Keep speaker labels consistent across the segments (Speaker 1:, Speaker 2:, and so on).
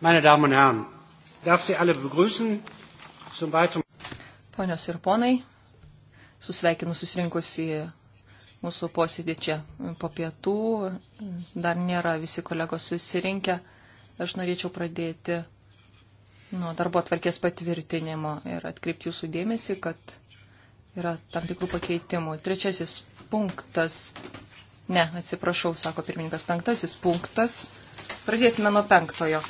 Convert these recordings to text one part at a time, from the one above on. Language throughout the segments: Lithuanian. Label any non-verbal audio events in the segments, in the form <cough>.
Speaker 1: Meine Damen und Herren, darf Sie alle begrüßen zum
Speaker 2: weiteren. Ponios ir ponai, susveikinu susirinkus į mūsų posėdį čia po pietų. Dar nėra visi kolegos susirinkę. Aš norėčiau pradėti nuo darbo atvarkės patvirtinimo ir atkreipti jūsų dėmesį, kad yra tam tikrų pakeitimų. Trečiasis punktas. Ne, atsiprašau, sako pirmininkas, penktasis punktas. Pradėsime nuo penktojo.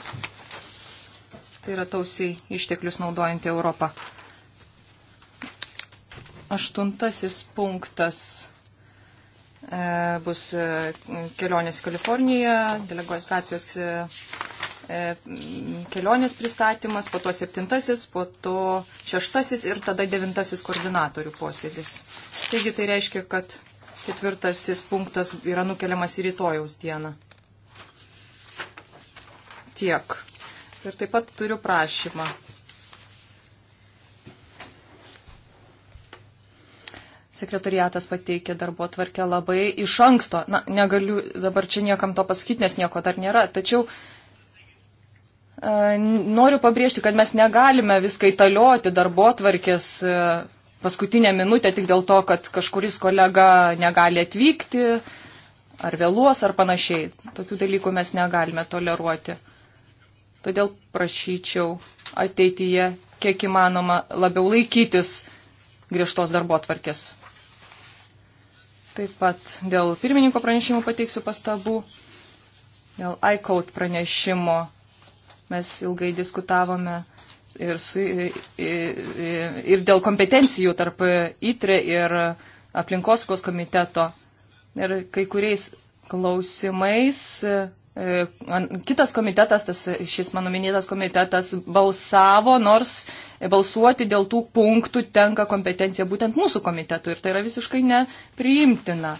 Speaker 2: Tai yra tausiai išteklius naudojantį Europą. Aštuntasis punktas e, bus e, kelionės į Kaliforniją, delegacijos e, kelionės pristatymas, po to septintasis, po to šeštasis ir tada devintasis koordinatorių posėdis. Taigi tai reiškia, kad ketvirtasis punktas yra nukeliamas į rytojaus dieną. Tiek. Ir taip pat turiu prašymą. Sekretariatas pateikė darbo tvarkę labai iš anksto. Na, negaliu dabar čia niekam to pasakyti, nes nieko dar nėra. Tačiau e, noriu pabrėžti, kad mes negalime viską įtalioti darbo tvarkės e, paskutinę minutę tik dėl to, kad kažkuris kolega negali atvykti ar vėluos ar panašiai. Tokių dalykų mes negalime toleruoti. Todėl prašyčiau ateityje kiek įmanoma labiau laikytis griežtos darbo atvarkės. Taip pat dėl pirmininko pranešimų pateiksiu pastabų. Dėl iCode pranešimo mes ilgai diskutavome ir, su, ir, ir, ir dėl kompetencijų tarp ITRE ir aplinkoskos komiteto. Ir kai kuriais klausimais E, kitas komitetas, tas, šis mano minėtas komitetas, balsavo, nors balsuoti dėl tų punktų tenka kompetencija būtent mūsų komitetui ir tai yra visiškai nepriimtina.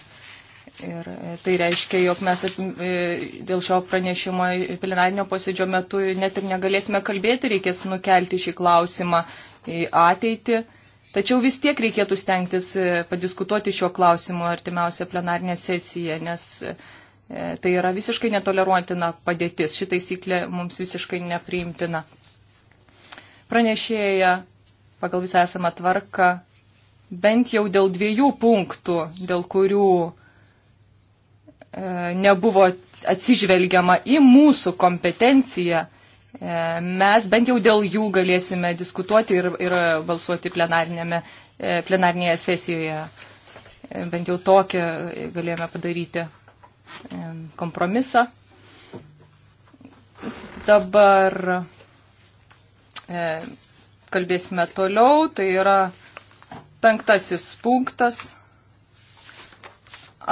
Speaker 2: Ir e, tai reiškia, jog mes e, dėl šio pranešimo plenarinio posėdžio metu net ir negalėsime kalbėti, reikės nukelti šį klausimą į ateitį. Tačiau vis tiek reikėtų stengtis padiskutuoti šio klausimu artimiausią plenarinę sesiją, nes E, tai yra visiškai netoleruotina padėtis. Ši taisyklė mums visiškai nepriimtina. Pranešėja pagal visą esamą tvarką bent jau dėl dviejų punktų, dėl kurių e, nebuvo atsižvelgiama į mūsų kompetenciją, e, mes bent jau dėl jų galėsime diskutuoti ir, ir balsuoti plenarinėje e, sesijoje. E, bent jau tokią galėjome padaryti. E, kompromisą. Dabar e, kalbėsime toliau, tai yra penktasis punktas.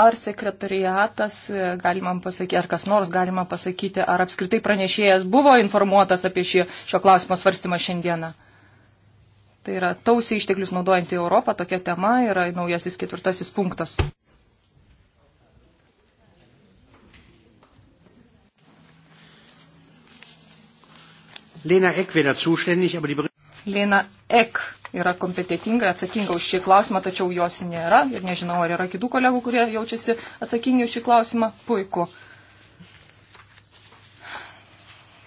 Speaker 2: Ar sekretariatas, e, galima pasakyti, ar kas nors galima pasakyti, ar apskritai pranešėjas buvo informuotas apie šį, šio klausimo svarstymą šiandieną? Tai yra tausiai išteklius naudojantį Europą, tokia tema yra naujasis ketvirtasis punktas. Lena Eck wäre zuständig, aber die Lena Ek yra kompetitinga, atsakinga už šį klausimą, tačiau jos nėra ir nežinau, ar yra kitų kolegų, kurie jaučiasi atsakingi už šį klausimą. Puiku.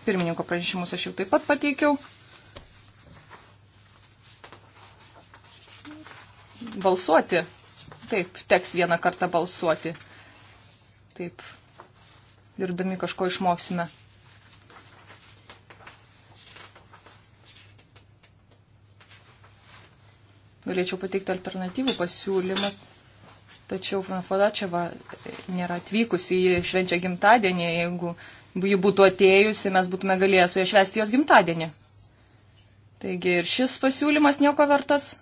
Speaker 2: Pirmininko pranešimus aš jau taip pat pateikiau. Balsuoti. Taip, teks vieną kartą balsuoti. Taip. Dirbdami kažko išmoksime. Galėčiau pateikti alternatyvų pasiūlymą, tačiau Franfadačeva nėra atvykusi, ji švenčia gimtadienį, jeigu ji būtų atėjusi, mes būtume galėję su ja švęsti jos gimtadienį. Taigi ir šis pasiūlymas nieko vertas.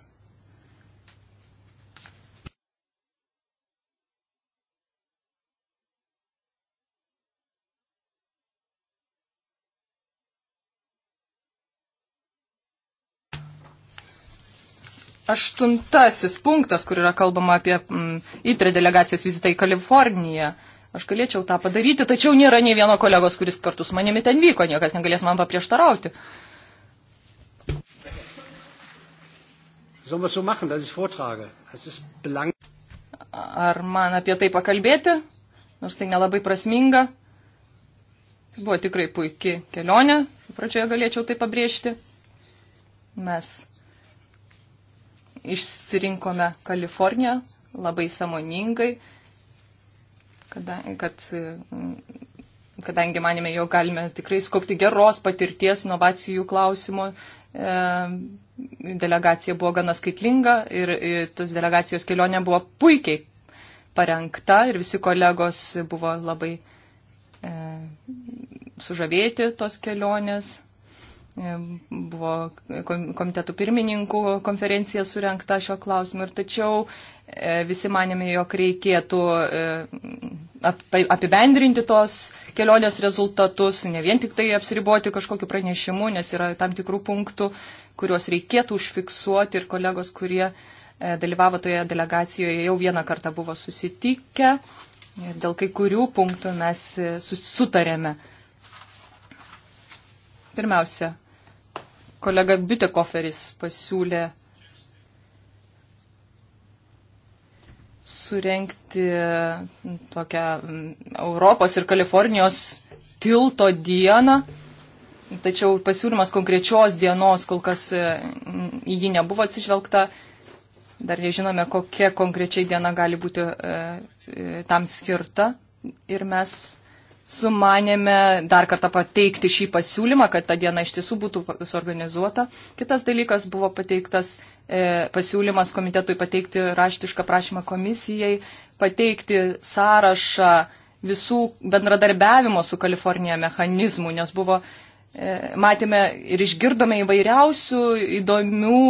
Speaker 2: aštuntasis punktas, kur yra kalbama apie mm, įtrė delegacijos vizitą į Kaliforniją. Aš galėčiau tą padaryti, tačiau nėra nei vieno kolegos, kuris kartu su manimi ten vyko, niekas negalės man paprieštarauti. Ar man apie tai pakalbėti, nors tai nelabai prasminga. Tai buvo tikrai puikia kelionė, pradžioje galėčiau tai pabrėžti. Mes išsirinkome Kaliforniją labai samoningai, kada, kad, kadangi manėme, jog galime tikrai skopti geros patirties inovacijų klausimo. E, delegacija buvo gana skaitlinga ir, ir tos delegacijos kelionė buvo puikiai parengta ir visi kolegos buvo labai e, sužavėti tos kelionės. E, buvo komitetų pirmininkų konferencija surenkta šio klausimu ir tačiau e, visi manėme, jog reikėtų e, apibendrinti tos kelionės rezultatus, ne vien tik tai apsiriboti kažkokiu pranešimu, nes yra tam tikrų punktų, kuriuos reikėtų užfiksuoti ir kolegos, kurie dalyvavo toje delegacijoje, jau vieną kartą buvo susitikę. Dėl kai kurių punktų mes sutarėme. Pirmiausia, kolega Bitekoferis pasiūlė surenkti tokią mm, Europos ir Kalifornijos tilto dieną. Tačiau pasiūlymas konkrečios dienos kol kas mm, į jį nebuvo atsižvelgta. Dar nežinome, kokia konkrečiai diena gali būti e, e, tam skirta. Ir mes sumanėme dar kartą pateikti šį pasiūlymą, kad ta diena iš tiesų būtų suorganizuota. Kitas dalykas buvo pateiktas e, pasiūlymas komitetui pateikti raštišką prašymą komisijai, pateikti sąrašą visų bendradarbiavimo su Kalifornija mechanizmų, nes buvo, e, matėme ir išgirdome įvairiausių įdomių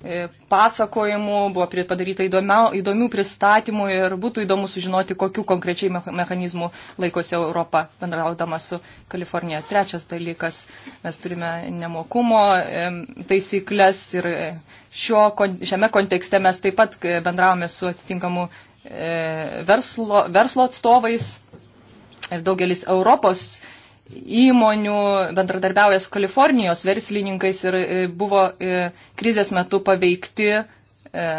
Speaker 2: E, pasakojimų, buvo padaryta įdomiau, įdomių pristatymų ir būtų įdomu sužinoti, kokiu konkrečiai mechanizmu laikosi Europa bendraudama su Kalifornija. Trečias dalykas, mes turime nemokumo e, taisyklės ir e, šio, šiame kontekste mes taip pat bendravome su atitinkamu verslo, verslo atstovais ir daugelis Europos įmonių bendradarbiauja su Kalifornijos verslininkais ir e, buvo e, krizės metu paveikti e,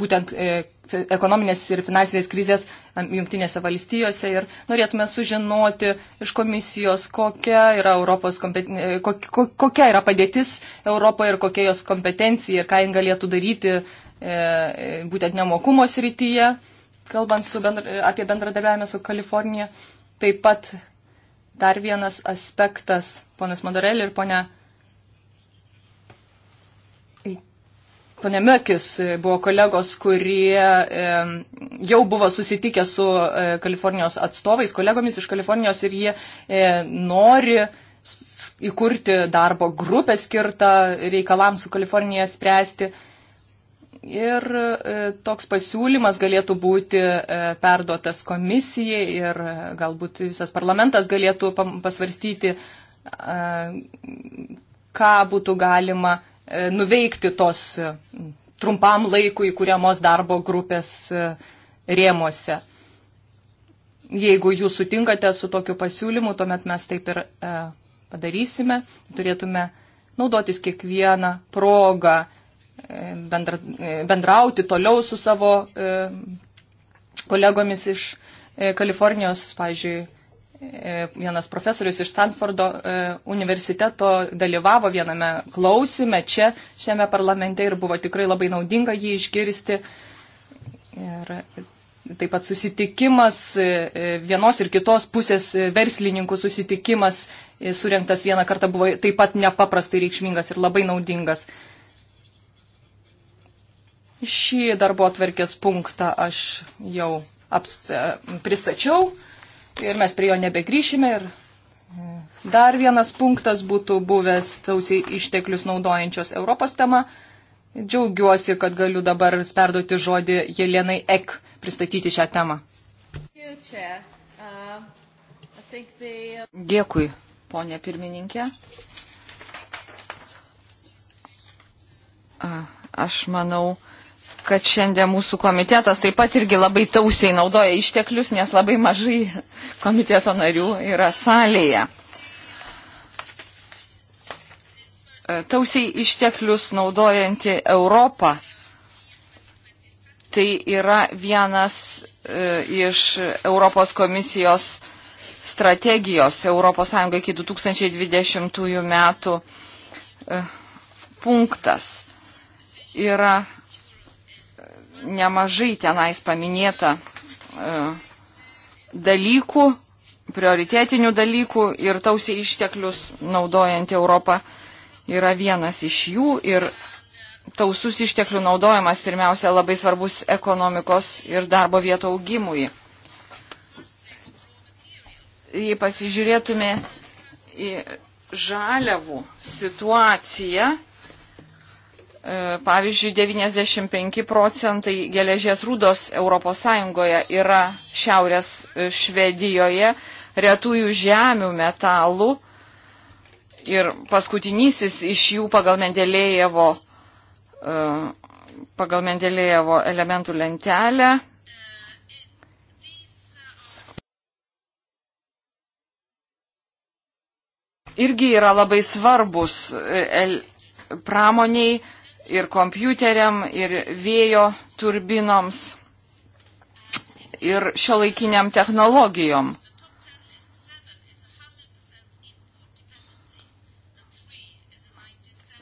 Speaker 2: būtent ekonominės ir finansinės krizės jungtinėse valstijose ir norėtume sužinoti iš komisijos, kokia yra, Europos, kokia yra padėtis Europoje ir kokia jos kompetencija ir ką jin galėtų daryti būtent nemokumo srityje kalbant su bendra, apie bendradarbiavimą su Kalifornija, taip pat dar vienas aspektas, ponas Madarelė ir ponia, ponia Mekis e, buvo kolegos, kurie e, jau buvo susitikę su e, Kalifornijos atstovais, kolegomis iš Kalifornijos ir jie e, nori įkurti darbo grupę skirtą reikalams su Kalifornija spręsti. E, Ir e, toks pasiūlymas galėtų būti e, perduotas komisijai ir e, galbūt visas parlamentas galėtų pasvarstyti, ką būtų galima nuveikti tos trumpam laikui kuriamos darbo grupės rėmuose. Jeigu jūs sutinkate su tokiu pasiūlymu, tuomet mes taip ir padarysime. Turėtume naudotis kiekvieną progą bendra, bendrauti toliau su savo e, kolegomis iš e, Kalifornijos, pavyzdžiui, e, vienas profesorius iš Stanfordo universiteto dalyvavo viename klausime čia, šiame parlamente ir buvo tikrai labai naudinga jį išgirsti. Ir taip pat susitikimas, vienos ir kitos pusės verslininkų susitikimas, surinktas vieną kartą, buvo taip pat nepaprastai reikšmingas ir labai naudingas. Šį darbo atvarkės punktą aš jau aps, pristačiau ir mes prie jo nebegrįšime. Ir e, dar vienas punktas būtų buvęs tausiai išteklius naudojančios Europos tema. Džiaugiuosi, kad galiu dabar perduoti žodį Jelenai Ek pristatyti šią temą. Dėkui, ponė pirmininkė. Aš manau, kad šiandien mūsų komitetas taip pat irgi labai tausiai naudoja išteklius, nes labai mažai komiteto narių yra salėje. E, tausiai išteklius naudojanti Europą tai yra vienas e, iš Europos komisijos strategijos ES iki 2020 metų e, punktas. Yra nemažai tenais paminėta e, dalykų, prioritetinių dalykų ir tausiai išteklius naudojant Europą yra vienas iš jų ir tausus išteklių naudojimas pirmiausia labai svarbus ekonomikos ir darbo vietų augimui. Jei pasižiūrėtume į žaliavų situaciją, E, pavyzdžiui, 95 procentai geležies rūdos ES yra šiaurės e, Švedijoje, retųjų žemių metalų ir paskutinysis iš jų pagal Mendelėjevo, e, pagal Mendelėjevo elementų lentelę. Irgi yra labai svarbus pramoniai ir kompiuteriam, ir vėjo turbinoms, ir šiolaikiniam technologijom.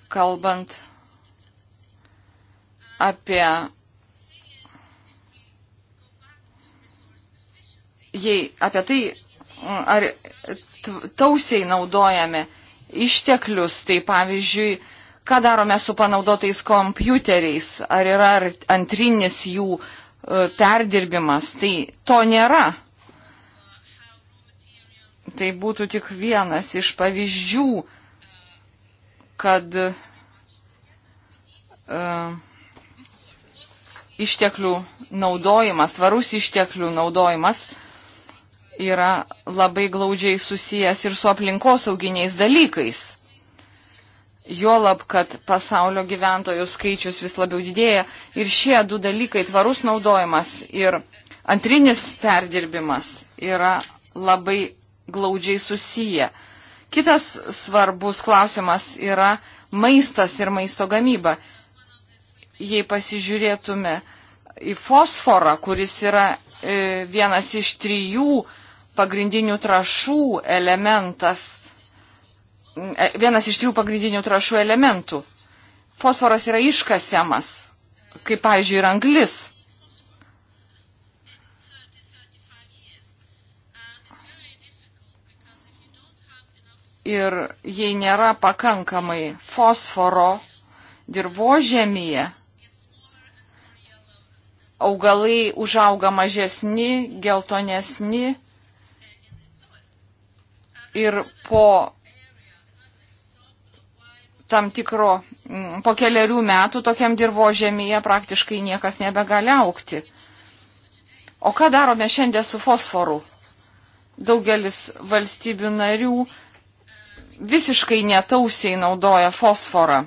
Speaker 2: Kalbant apie jei apie tai, ar tausiai naudojame išteklius, tai pavyzdžiui, ką darome su panaudotais kompiuteriais, ar yra antrinis jų e, perdirbimas, tai to nėra. Tai būtų tik vienas iš pavyzdžių, kad uh, išteklių naudojimas, tvarus išteklių naudojimas yra labai glaudžiai susijęs ir su aplinkosauginiais dalykais. Juolab, kad pasaulio gyventojų skaičius vis labiau didėja ir šie du dalykai - tvarus naudojimas ir antrinis perdirbimas - yra labai glaudžiai susiję. Kitas svarbus klausimas yra maistas ir maisto gamyba. Jei pasižiūrėtume į fosforą, kuris yra e, vienas iš trijų pagrindinių trašų elementas, vienas iš trijų pagrindinių trašų elementų. Fosforas yra iškasiamas, kaip, pavyzdžiui, ir anglis. Ir jei nėra pakankamai fosforo dirbožėmyje, augalai užauga mažesni, geltonesni ir po tam tikro, mm, po keliarių metų tokiam dirbožėmėje praktiškai niekas nebegali aukti. O ką darome šiandien su fosforu? Daugelis valstybių narių visiškai netausiai naudoja fosforą.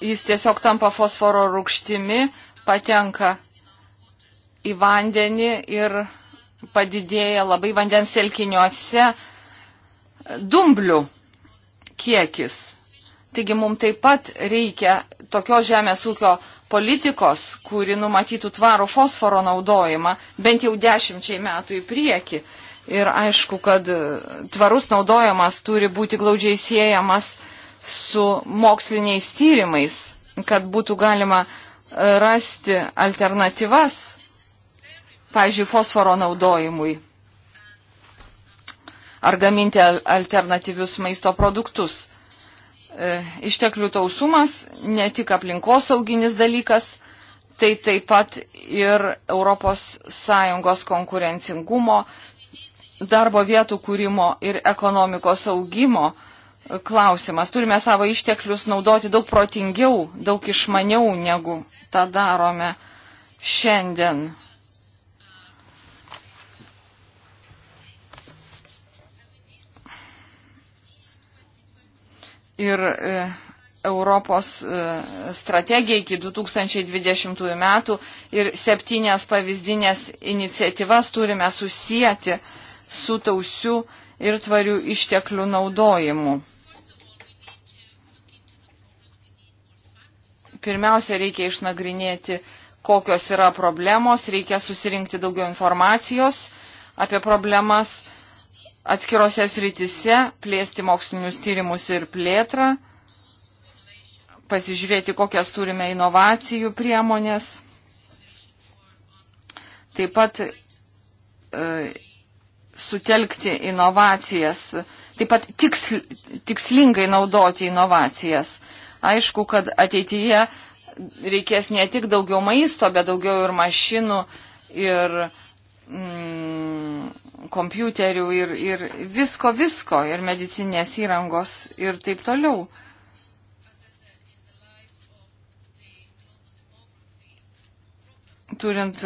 Speaker 2: Jis tiesiog tampa fosforo rūkštimi, patenka į vandenį ir padidėja labai vandens telkiniuose dumblių kiekis. Taigi mums taip pat reikia tokios žemės ūkio politikos, kuri numatytų tvarų fosforo naudojimą bent jau dešimčiai metų į priekį. Ir aišku, kad tvarus naudojimas turi būti glaudžiai siejamas su moksliniais tyrimais, kad būtų galima rasti alternatyvas pavyzdžiui, fosforo naudojimui ar gaminti alternatyvius maisto produktus. E, išteklių tausumas ne tik aplinkosauginis dalykas, tai taip pat ir ES konkurencingumo, darbo vietų kūrimo ir ekonomikos augimo e, klausimas. Turime savo išteklius naudoti daug protingiau, daug išmaniau, negu tą darome šiandien. ir e, Europos e, strategija iki 2020 metų ir septynės pavyzdinės iniciatyvas turime susijęti su tausiu ir tvarių išteklių naudojimu. Pirmiausia, reikia išnagrinėti, kokios yra problemos, reikia susirinkti daugiau informacijos apie problemas atskirose sritise, plėsti mokslinius tyrimus ir plėtrą, pasižiūrėti, kokias turime inovacijų priemonės. Taip pat e, sutelkti inovacijas, taip pat tiksl, tikslingai naudoti inovacijas. Aišku, kad ateityje reikės ne tik daugiau maisto, bet daugiau ir mašinų ir mm, kompiuterių ir, ir visko, visko, ir medicinės įrangos ir taip toliau. Turint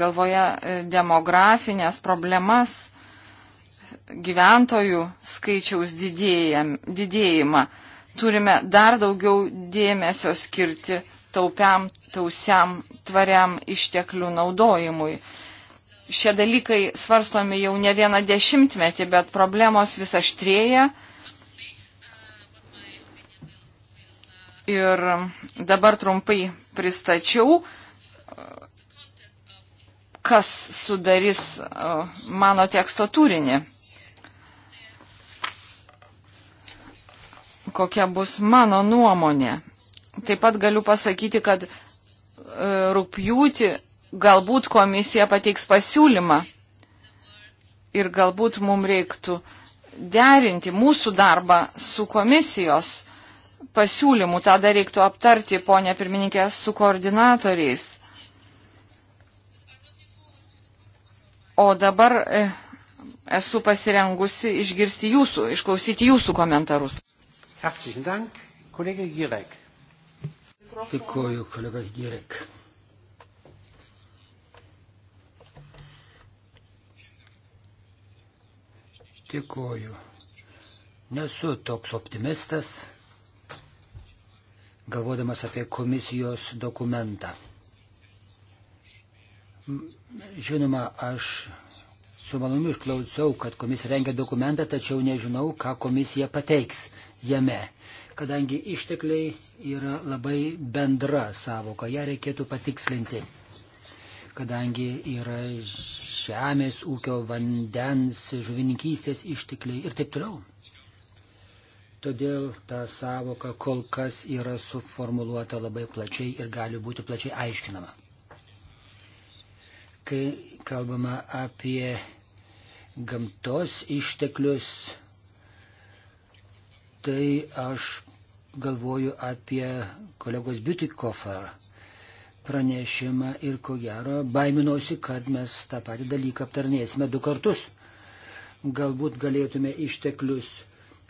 Speaker 2: galvoje e, demografinės problemas, gyventojų skaičiaus didėjimą, turime dar daugiau dėmesio skirti taupiam, tausiam, tvariam išteklių naudojimui šie dalykai svarstomi jau ne vieną dešimtmetį, bet problemos vis aštrėja. Ir dabar trumpai pristačiau, kas sudarys uh, mano teksto turinį. Kokia bus mano nuomonė. Taip pat galiu pasakyti, kad uh, rūpjūti galbūt komisija pateiks pasiūlymą ir galbūt mums reiktų derinti mūsų darbą su komisijos pasiūlymu. Tada reiktų aptarti, ponė pirmininkė, su koordinatoriais. O dabar e, esu pasirengusi išgirsti jūsų, išklausyti jūsų komentarus. Herzlichen Dank,
Speaker 1: kolega Girek. Dėkuoju, kolega Girek. Dėkuoju. Nesu toks optimistas, galvodamas apie komisijos dokumentą. Žinoma, aš su maloniu išklausiau, kad komisija rengia dokumentą, tačiau nežinau, ką komisija pateiks jame, kadangi ištekliai yra labai bendra savoka, ją reikėtų patikslinti kadangi yra žemės ūkio, vandens, žuvininkystės ištekliai ir taip toliau. Todėl ta savoka kol kas yra suformuluota labai plačiai ir gali būti plačiai aiškinama. Kai kalbama apie gamtos išteklius, tai aš galvoju apie kolegos Biutikoferą pranešimą ir ko gero baiminausi, kad mes tą patį dalyką aptarnėsime du kartus. Galbūt galėtume išteklius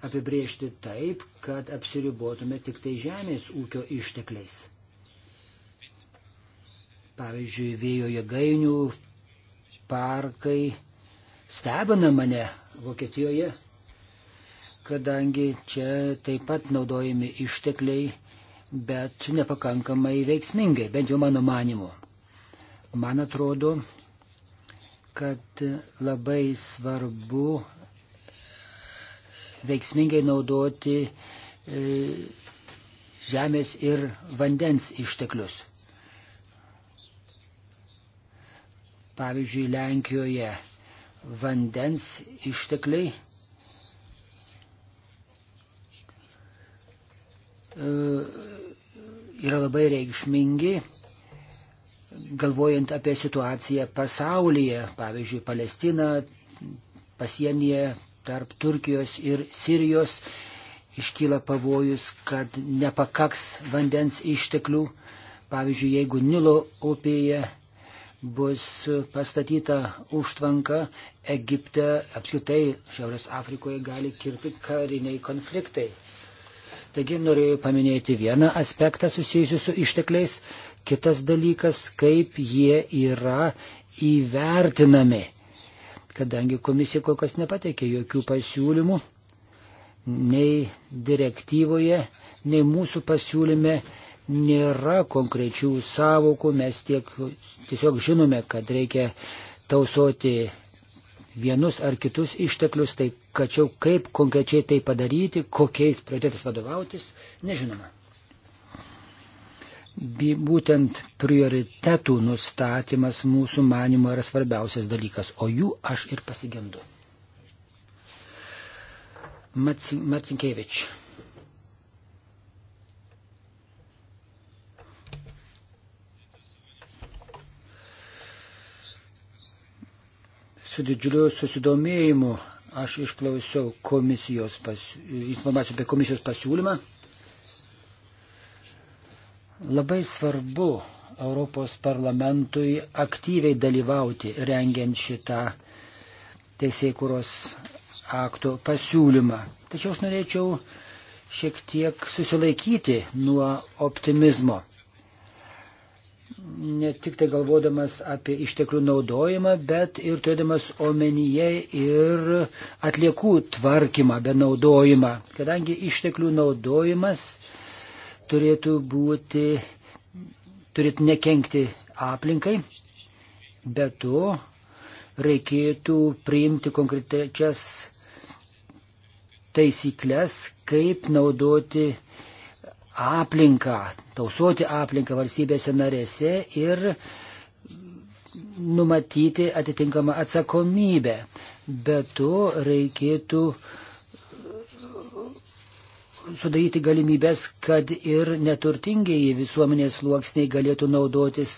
Speaker 1: apibriežti taip, kad apsiribotume tik tai žemės ūkio ištekliais. Pavyzdžiui, vėjo jėgainių parkai stebina mane Vokietijoje, kadangi čia taip pat naudojami ištekliai bet nepakankamai veiksmingai, bent jau mano manimu. Man atrodo, kad labai svarbu e, veiksmingai naudoti e, žemės ir vandens išteklius. Pavyzdžiui, Lenkijoje vandens ištekliai e, yra labai reikšmingi, galvojant apie situaciją pasaulyje, pavyzdžiui, Palestina, pasienyje tarp Turkijos ir Sirijos iškyla pavojus, kad nepakaks vandens išteklių. Pavyzdžiui, jeigu Nilo upėje bus pastatyta užtvanka, Egipte apskritai Šiaurės Afrikoje gali kirti kariniai konfliktai. Taigi norėjau paminėti vieną aspektą susijusiu su ištekliais, kitas dalykas, kaip jie yra įvertinami. Kadangi komisija kol kas nepateikė jokių pasiūlymų, nei direktyvoje, nei mūsų pasiūlyme nėra konkrečių savokų, mes tiek tiesiog žinome, kad reikia tausoti vienus ar kitus išteklius, tai tačiau kaip konkrečiai tai padaryti, kokiais prioritetais vadovautis, nežinoma. Būtent prioritetų nustatymas mūsų manimo yra svarbiausias dalykas, o jų aš ir pasigendu. Macinkievičius. su didžiuliu susidomėjimu aš išklausiau komisijos pas, informacijos apie komisijos pasiūlymą. Labai svarbu Europos parlamentui aktyviai dalyvauti rengiant šitą teisėkuros akto pasiūlymą. Tačiau aš norėčiau šiek tiek susilaikyti nuo optimizmo ne tik tai galvodamas apie išteklių naudojimą, bet ir turėdamas omenyje ir atliekų tvarkymą, be naudojimą. Kadangi išteklių naudojimas turėtų būti, turėtų nekenkti aplinkai, bet to reikėtų priimti konkrečias taisyklės, kaip naudoti aplinką, tausoti aplinką valstybėse narėse ir numatyti atitinkamą atsakomybę. Be to reikėtų sudaryti galimybės, kad ir neturtingieji visuomenės sluoksniai galėtų naudotis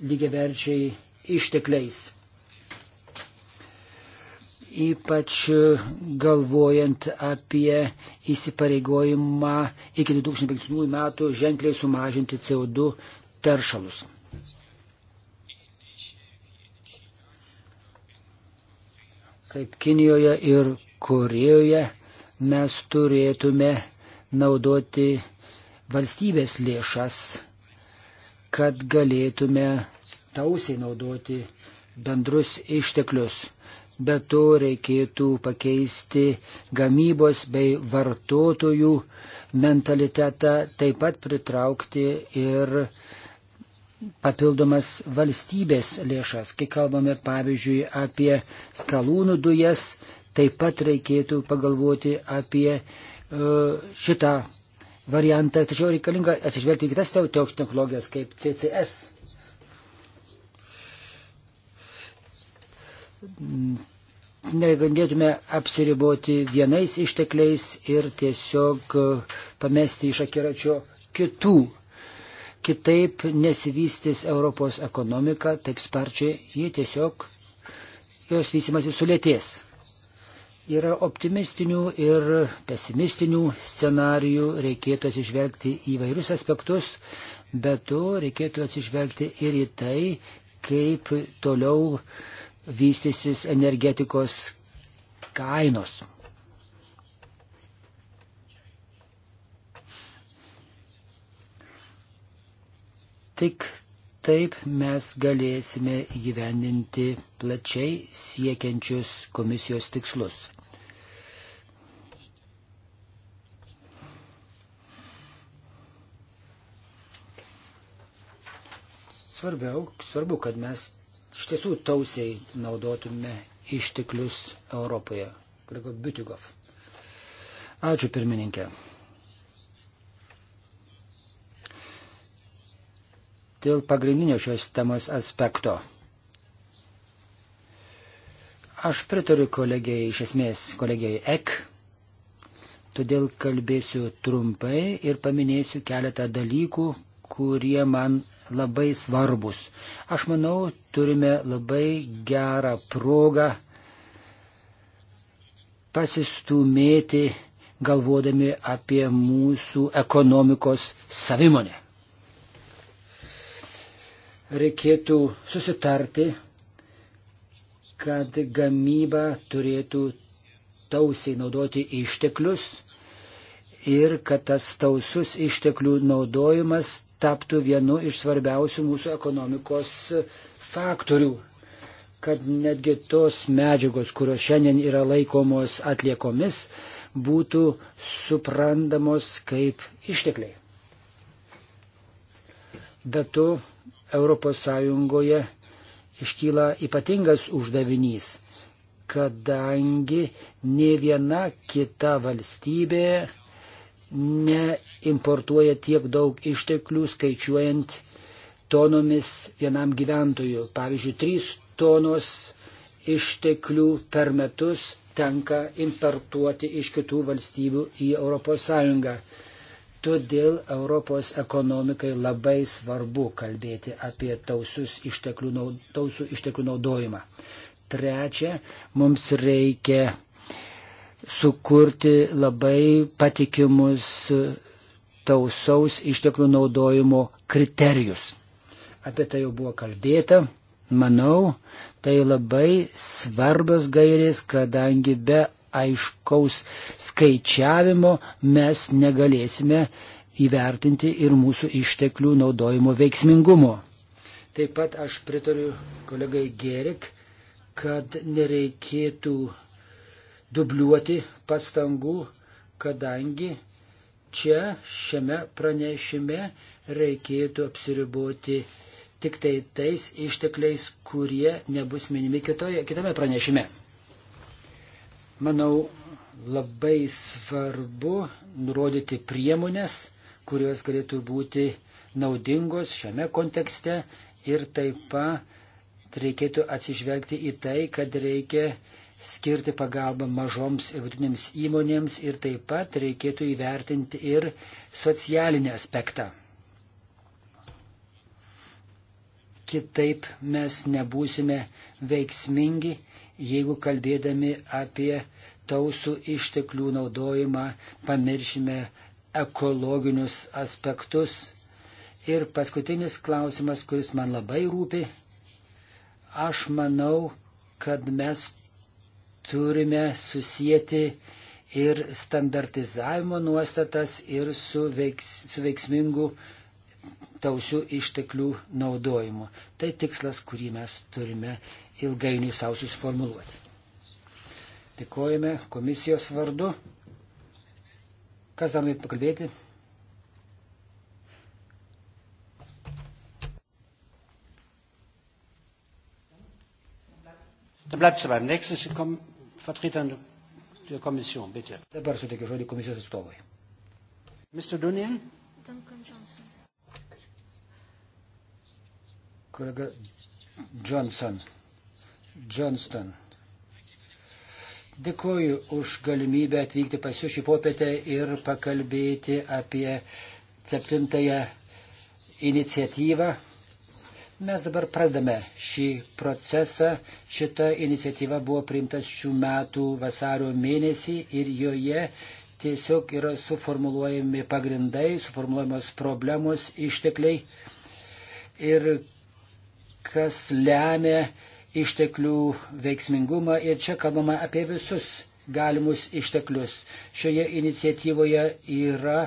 Speaker 1: lygiaverčiai ištekliais ypač galvojant apie įsipareigojimą iki 2050 metų ženkliai sumažinti CO2 teršalus. Kaip Kinijoje ir Korejoje mes turėtume naudoti valstybės lėšas, kad galėtume tausiai naudoti bendrus išteklius. Be to reikėtų pakeisti gamybos bei vartotojų mentalitetą, taip pat pritraukti ir papildomas valstybės lėšas. Kai kalbame, pavyzdžiui, apie skalūnų dujas, taip pat reikėtų pagalvoti apie uh, šitą variantą. Tačiau reikalinga atsižvelgti į kitas technologijas kaip CCS negalėtume apsiriboti vienais ištekliais ir tiesiog e, pamesti iš akiračio kitų. Kitaip nesivystys Europos ekonomika taip sparčiai, ji tiesiog jos vysimasi sulėties. Yra optimistinių ir pesimistinių scenarijų, reikėtų atsižvelgti į vairius aspektus, bet to reikėtų atsižvelgti ir į tai, kaip toliau uh, vystysis energetikos kainos. Tik taip mes galėsime įgyvendinti plačiai siekiančius komisijos tikslus. Svarbiau, svarbu, kad mes iš tiesų tausiai naudotume išteklius Europoje. Grego Bitigov. Ačiū pirmininkė. Dėl pagrindinio šios temos aspekto. Aš pritariu kolegijai, iš esmės kolegijai EK, todėl kalbėsiu trumpai ir paminėsiu keletą dalykų, kurie man labai svarbus. Aš manau, turime labai gerą progą pasistumėti galvodami apie mūsų ekonomikos savimonę. Reikėtų susitarti, kad gamyba turėtų tausiai naudoti išteklius ir kad tas tausus išteklių naudojimas taptų vienu iš svarbiausių mūsų ekonomikos faktorių, kad netgi tos medžiagos, kurios šiandien yra laikomos atliekomis, būtų suprantamos kaip ištekliai. Be to, ES iškyla ypatingas uždavinys, kadangi ne viena kita valstybė neimportuoja tiek daug išteklių, skaičiuojant tonomis vienam gyventojui. Pavyzdžiui, 3 tonos išteklių per metus tenka importuoti iš kitų valstybių į ES. Todėl Europos ekonomikai labai svarbu kalbėti apie išteklių, tausų išteklių naudojimą. Trečia, mums reikia sukurti labai patikimus tausaus išteklių naudojimo kriterijus. Apie tai jau buvo kalbėta. Manau, tai labai svarbios gairės, kadangi be aiškaus skaičiavimo mes negalėsime įvertinti ir mūsų išteklių naudojimo veiksmingumo. Taip pat aš pritariu kolegai Gerik, kad nereikėtų dubliuoti pastangų, kadangi čia šiame pranešime reikėtų apsiriboti tik tai tais ištekliais, kurie nebus minimi kitoje, kitame pranešime. Manau, labai svarbu nurodyti priemonės, kurios galėtų būti naudingos šiame kontekste ir taip pat reikėtų atsižvelgti į tai, kad reikia skirti pagalbą mažoms ir vidutinėms įmonėms ir taip pat reikėtų įvertinti ir socialinį aspektą. Kitaip mes nebūsime veiksmingi, jeigu kalbėdami apie tausų išteklių naudojimą pamiršime ekologinius aspektus. Ir paskutinis klausimas, kuris man labai rūpi, aš manau, kad mes turime susijęti ir standartizavimo nuostatas ir su, veiks, su veiksmingu tausių išteklių naudojimu. Tai tikslas, kurį mes turime ilgainiui savo susiformuluoti. Dėkojame komisijos vardu. Kas dar norėtų pakalbėti? Dann bleibt es beim nächsten. Sie kommen Vertretern der Kommission, bitte. Dabar suteikiu žodį komisijos atstovui. Mr. Dunian?
Speaker 2: Duncan Johnson.
Speaker 1: Kolega Johnson. Johnston. Dėkuoju už galimybę atvykti pas jūs šį popietę ir pakalbėti apie septintąją iniciatyvą Mes dabar pradame šį procesą. Šita iniciatyva buvo priimtas šių metų vasario mėnesį ir joje tiesiog yra suformuluojami pagrindai, suformuluojamos problemos, ištekliai ir kas lemia išteklių veiksmingumą. Ir čia kalbama apie visus galimus išteklius. Šioje iniciatyvoje yra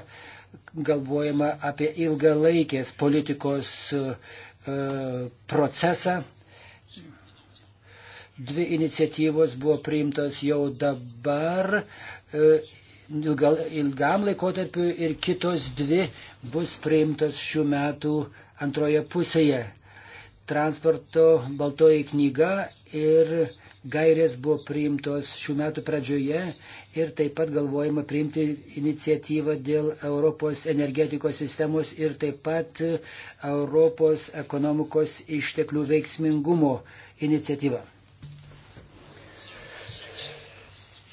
Speaker 1: galvojama apie ilgalaikės politikos uh, E, procesą. Dvi iniciatyvos buvo priimtos jau dabar e, nu, ilgam laikotarpiu ir kitos dvi bus priimtos šių metų antroje pusėje. Transporto baltoji knyga ir gairės buvo priimtos šių metų pradžioje ir taip pat galvojama priimti iniciatyvą dėl Europos energetikos sistemos ir taip pat Europos ekonomikos išteklių veiksmingumo iniciatyva.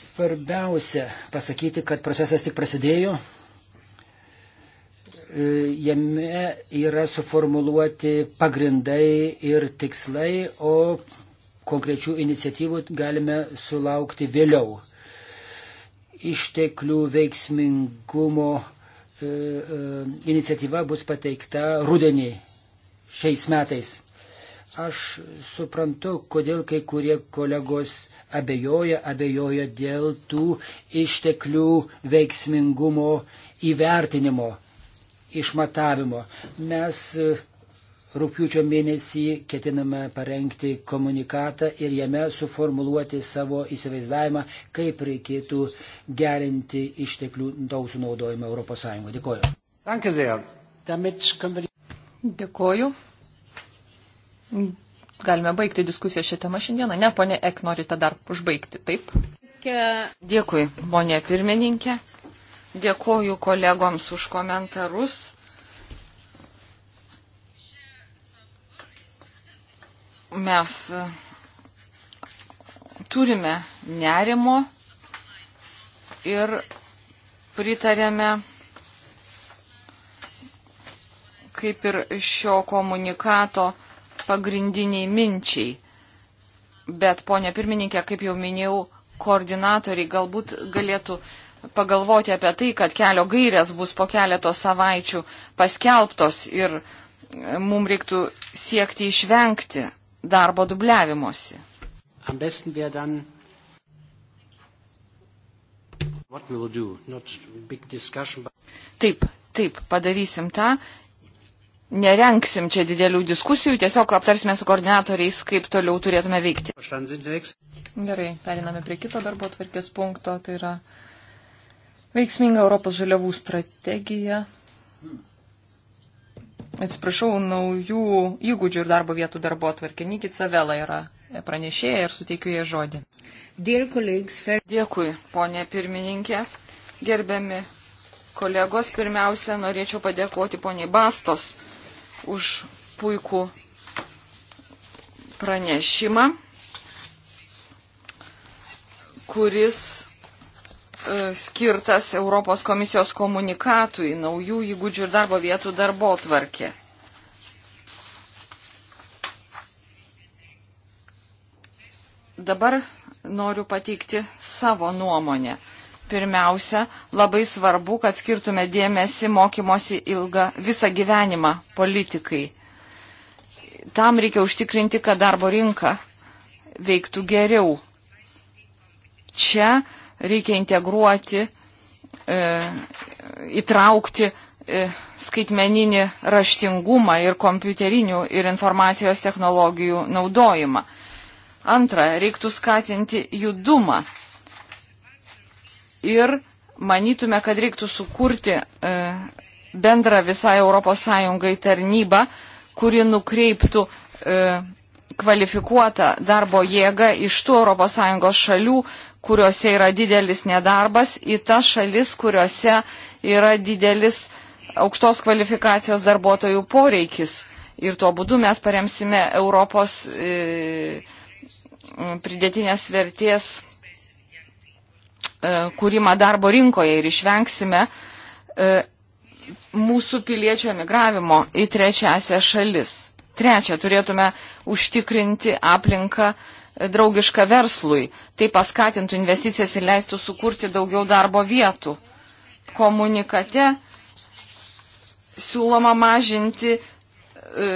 Speaker 1: Svarbiausia pasakyti, kad procesas tik prasidėjo, e, jame yra suformuluoti pagrindai ir tikslai, o konkrečių iniciatyvų galime sulaukti vėliau. Išteklių veiksmingumo e, e, iniciatyva bus pateikta rudenį šiais metais. Aš suprantu, kodėl kai kurie kolegos abejoja, abejoja dėl tų išteklių veiksmingumo įvertinimo, išmatavimo. Mes e, Rūpiučio mėnesį ketiname parengti komunikatą ir jame suformuluoti savo įsivaizdavimą, kaip reikėtų gerinti išteklių dausų naudojimą ES. Dėkoju.
Speaker 2: Dėkoju. Galime baigti diskusiją šią temą šiandieną. Ne, ponė Ek, norite dar užbaigti, taip? Dėkui, ponė pirmininkė. Dėkoju kolegoms už komentarus mes turime nerimo ir pritarėme kaip ir šio komunikato pagrindiniai minčiai. Bet, ponė pirmininkė, kaip jau minėjau, koordinatoriai galbūt galėtų pagalvoti apie tai, kad kelio gairės bus po keletos savaičių paskelbtos ir e, mums reiktų siekti išvengti darbo dubliavimuose. Taip, taip, padarysim tą. Nerenksim čia didelių diskusijų, tiesiog aptarsime su koordinatoriais, kaip toliau turėtume veikti. Gerai, periname prie kito darbo atvarkės punkto, tai yra veiksminga Europos žaliavų strategija atsiprašau, naujų įgūdžių ir darbo vietų darbo atvarkė. Nikit Savela yra pranešėja ir suteikiu jai žodį. Dėkui, ponė pirmininkė. Gerbiami kolegos, pirmiausia, norėčiau padėkoti poniai Bastos už puikų pranešimą, kuris E, skirtas Europos komisijos komunikatui naujų įgūdžių ir darbo vietų darbo tvarkė. Dabar noriu pateikti savo nuomonę. Pirmiausia, labai svarbu, kad skirtume dėmesį mokymosi ilgą visą gyvenimą politikai. Tam reikia užtikrinti, kad darbo rinka veiktų geriau. Čia uh, reikia integruoti, e, įtraukti e, skaitmeninį raštingumą ir kompiuterinių ir informacijos technologijų naudojimą. Antra, reiktų skatinti judumą. Ir manytume, kad reiktų sukurti e, bendrą visai ES tarnybą, kuri nukreiptų e, kvalifikuotą darbo jėgą iš tų ES šalių, kuriuose yra didelis nedarbas, į tas šalis, kuriuose yra didelis aukštos kvalifikacijos darbuotojų poreikis. Ir tuo būdu mes paremsime Europos e, pridėtinės vertės e, kūrimą darbo rinkoje ir išvengsime e, mūsų piliečio emigravimo į trečiąsią šalis. Trečia, turėtume užtikrinti aplinką, e, draugiška verslui. Tai paskatintų investicijas ir leistų sukurti daugiau darbo vietų. Komunikate siūloma mažinti e,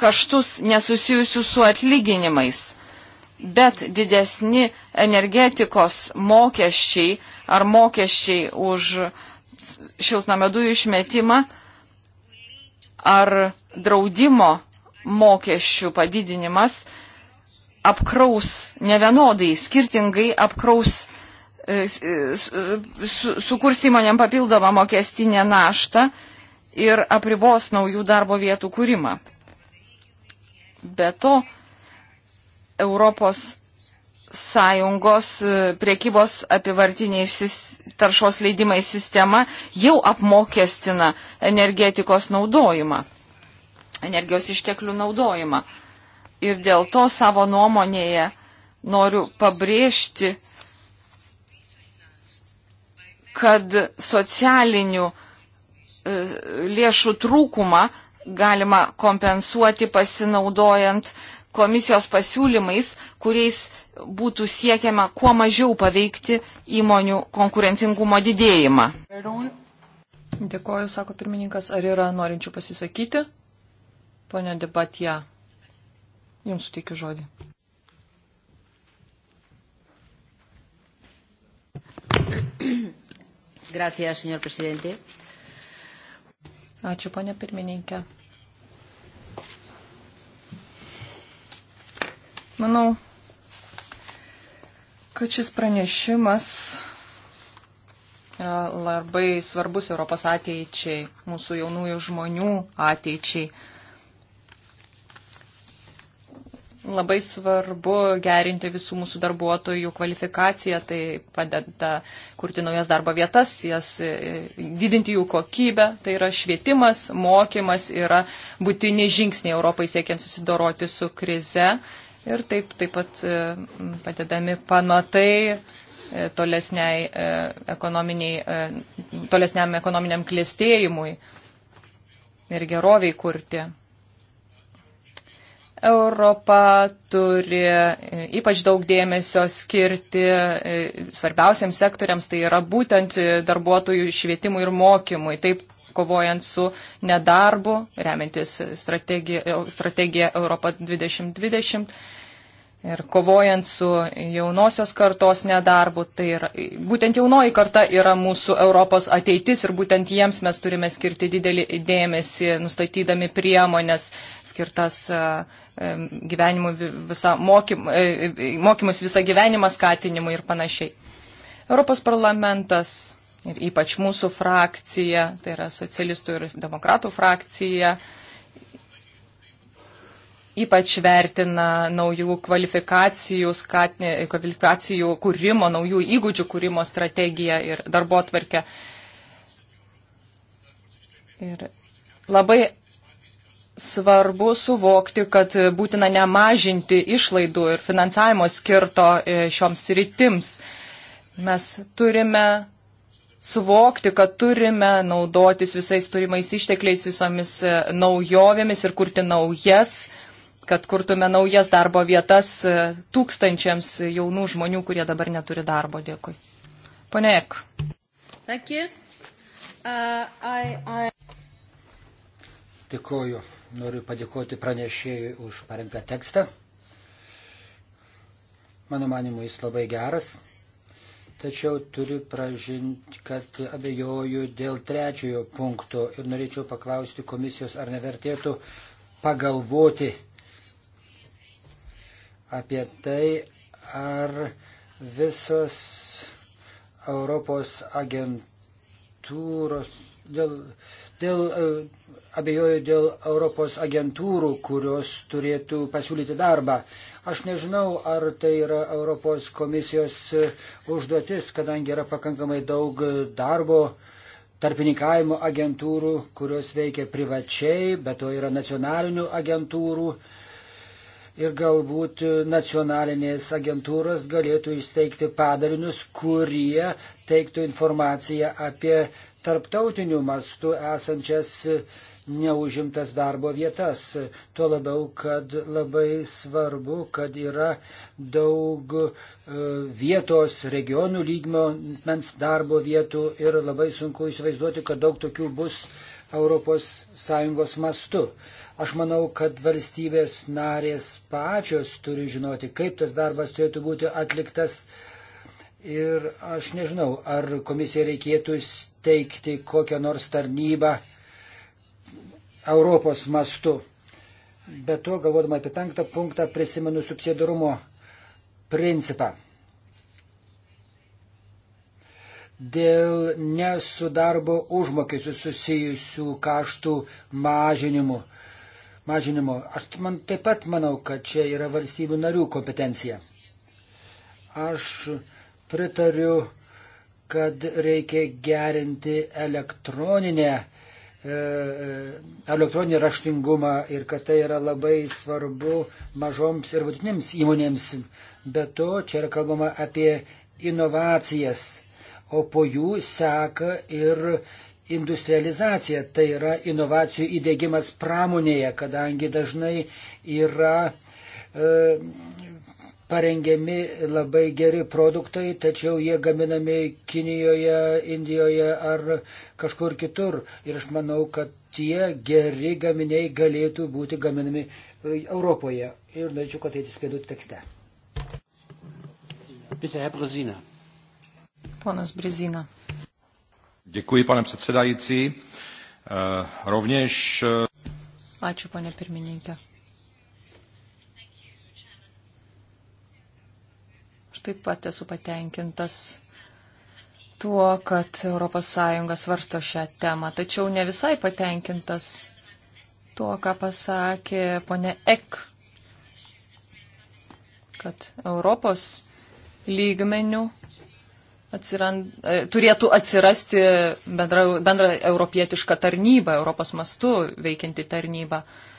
Speaker 2: kaštus nesusijusius su atlyginimais, bet didesni energetikos mokesčiai ar mokesčiai už šiltnamio dujų išmetimą ar draudimo mokesčių padidinimas apkraus nevienodai, skirtingai apkraus, e, e, e, sukurs įmonėm papildomą mokestinę naštą ir apribos naujų darbo vietų kūrimą. Be to, Europos Sąjungos priekybos apivartiniais taršos leidimai sistema jau apmokestina energetikos naudojimą, energijos išteklių naudojimą ir dėl to savo nuomonėje noriu pabrėžti, kad socialinių e, lėšų trūkumą galima kompensuoti pasinaudojant komisijos pasiūlymais, kuriais būtų siekiama kuo mažiau paveikti įmonių konkurencingumo didėjimą. Dėkoju, sako pirmininkas. Ar yra norinčių pasisakyti? Pone Debatija. Jums suteikiu žodį.
Speaker 1: Gracias, señor presidente.
Speaker 2: Ačiū, ponė pirmininkė. Manau, kad šis pranešimas e, labai svarbus Europos ateičiai, mūsų jaunųjų žmonių ateičiai. Labai svarbu gerinti visų mūsų darbuotojų kvalifikaciją, tai padeda kurti naujas darbo vietas, jas e, didinti jų kokybę. Tai yra švietimas, mokymas yra būtini žingsniai Europai siekiant susidoroti su krize. Ir taip, taip pat e, padedami pamatai e, tolesniai ekonominiai, tolesniam ekonominiam klėstėjimui ir geroviai kurti. Europa turi e, ypač daug dėmesio skirti e, svarbiausiams sektoriams, tai yra būtent darbuotojų švietimui ir mokymui, taip kovojant su nedarbu, remiantis strategija, e, strategija Europa 2020 ir kovojant su jaunosios kartos nedarbu. Tai yra, būtent jaunoji karta yra mūsų Europos ateitis ir būtent jiems mes turime skirti didelį dėmesį, nustatydami priemonės skirtas uh, gyvenimų visą mokym, e, e, mokymus visą gyvenimą skatinimui ir panašiai. Europos parlamentas ir ypač mūsų frakcija, tai yra socialistų ir demokratų frakcija, ypač vertina naujų kvalifikacijų, skatinė, e, kvalifikacijų kūrimo, naujų įgūdžių kūrimo strategiją ir darbo atverkę. Ir labai svarbu suvokti, kad būtina nemažinti išlaidų ir finansavimo skirto e, šioms rytims. Mes turime suvokti, kad turime naudotis visais turimais ištekliais, visomis e, naujovėmis ir kurti naujas, kad kurtume naujas darbo vietas e, tūkstančiams jaunų žmonių, kurie dabar neturi darbo. Dėkui. Pone Ek. Uh, I, I...
Speaker 1: Dėkoju. Noriu padėkoti pranešėjui už parengtą tekstą. Mano manimu, jis labai geras. Tačiau turiu pražinti, kad abejoju dėl trečiojo punkto ir norėčiau paklausti komisijos, ar nevertėtų pagalvoti apie tai, ar visos Europos agentūros dėl dėl, e, abejoju dėl Europos agentūrų, kurios turėtų pasiūlyti darbą. Aš nežinau, ar tai yra Europos komisijos e, užduotis, kadangi yra pakankamai daug darbo tarpininkavimo agentūrų, kurios veikia privačiai, bet to yra nacionalinių agentūrų. Ir galbūt nacionalinės agentūros galėtų įsteigti padarinius, kurie teiktų informaciją apie tarptautiniu mastu esančias neužimtas darbo vietas. Tuo labiau, kad labai svarbu, kad yra daug e, vietos regionų lygmens darbo vietų ir labai sunku įsivaizduoti, kad daug tokių bus ES mastu. Aš manau, kad valstybės narės pačios turi žinoti, kaip tas darbas turėtų būti atliktas Ir aš nežinau, ar komisija reikėtų steigti kokią nors tarnybą Europos mastu. Bet to, galvodama apie penktą punktą, prisimenu subsidarumo principą. Dėl nesudarbo užmokesčių susijusių kaštų mažinimų. mažinimo. Aš man, taip pat manau, kad čia yra valstybių narių kompetencija. Aš pritariu, kad reikia gerinti elektroninę, e, e, elektroninį raštingumą ir kad tai yra labai svarbu mažoms ir vidutinėms įmonėms. Be to, čia yra kalbama apie inovacijas, o po jų seka ir industrializacija, tai yra inovacijų įdėgymas pramonėje, kadangi dažnai yra e, parengiami labai geri produktai, tačiau jie gaminami Kinijoje, Indijoje ar kažkur kitur. Ir aš manau, kad tie geri gaminiai galėtų būti gaminami e, Europoje. Ir norėčiau, kad tai atsispėdų tekste.
Speaker 2: Ponas Brizina. Děkuji, pane předsedající. E, rovněž. E, Ačiū, pane pirmininkė. taip pat esu patenkintas tuo, kad ES svarsto šią temą, tačiau ne visai patenkintas tuo, ką pasakė ponė Ek, kad Europos lygmenių atsirand, e, turėtų atsirasti bendra, bendra europietiška tarnyba, Europos mastu veikianti tarnyba. Uh,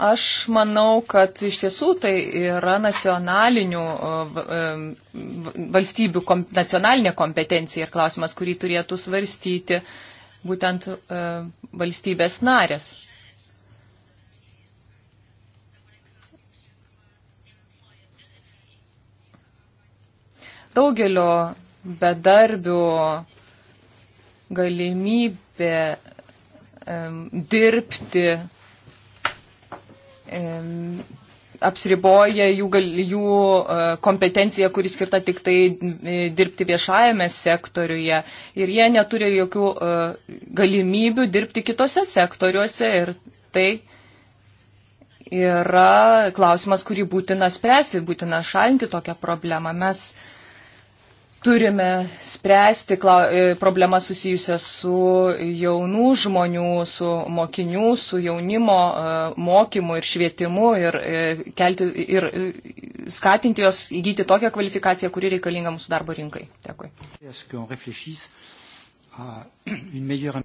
Speaker 2: Aš manau, kad iš tiesų tai yra nacionalinių e, valstybių kom, nacionalinė kompetencija ir klausimas, kurį turėtų svarstyti būtent e, valstybės narės. Daugelio bedarbių galimybė dirbti apsiriboja jų, jų e, kompetencija, kuri skirta tik tai e, dirbti viešajame sektoriuje. Ir jie neturi jokių e, galimybių dirbti kitose sektoriuose. Ir tai yra klausimas, kurį būtina spręsti, būtina šalinti tokią problemą. Mes turime spręsti e, problemas susijusias su jaunų žmonių, su mokinių, su jaunimo e, mokymu ir švietimu ir, e, kelti, ir skatinti jos įgyti tokią kvalifikaciją, kuri reikalinga mūsų darbo rinkai. Dėkui.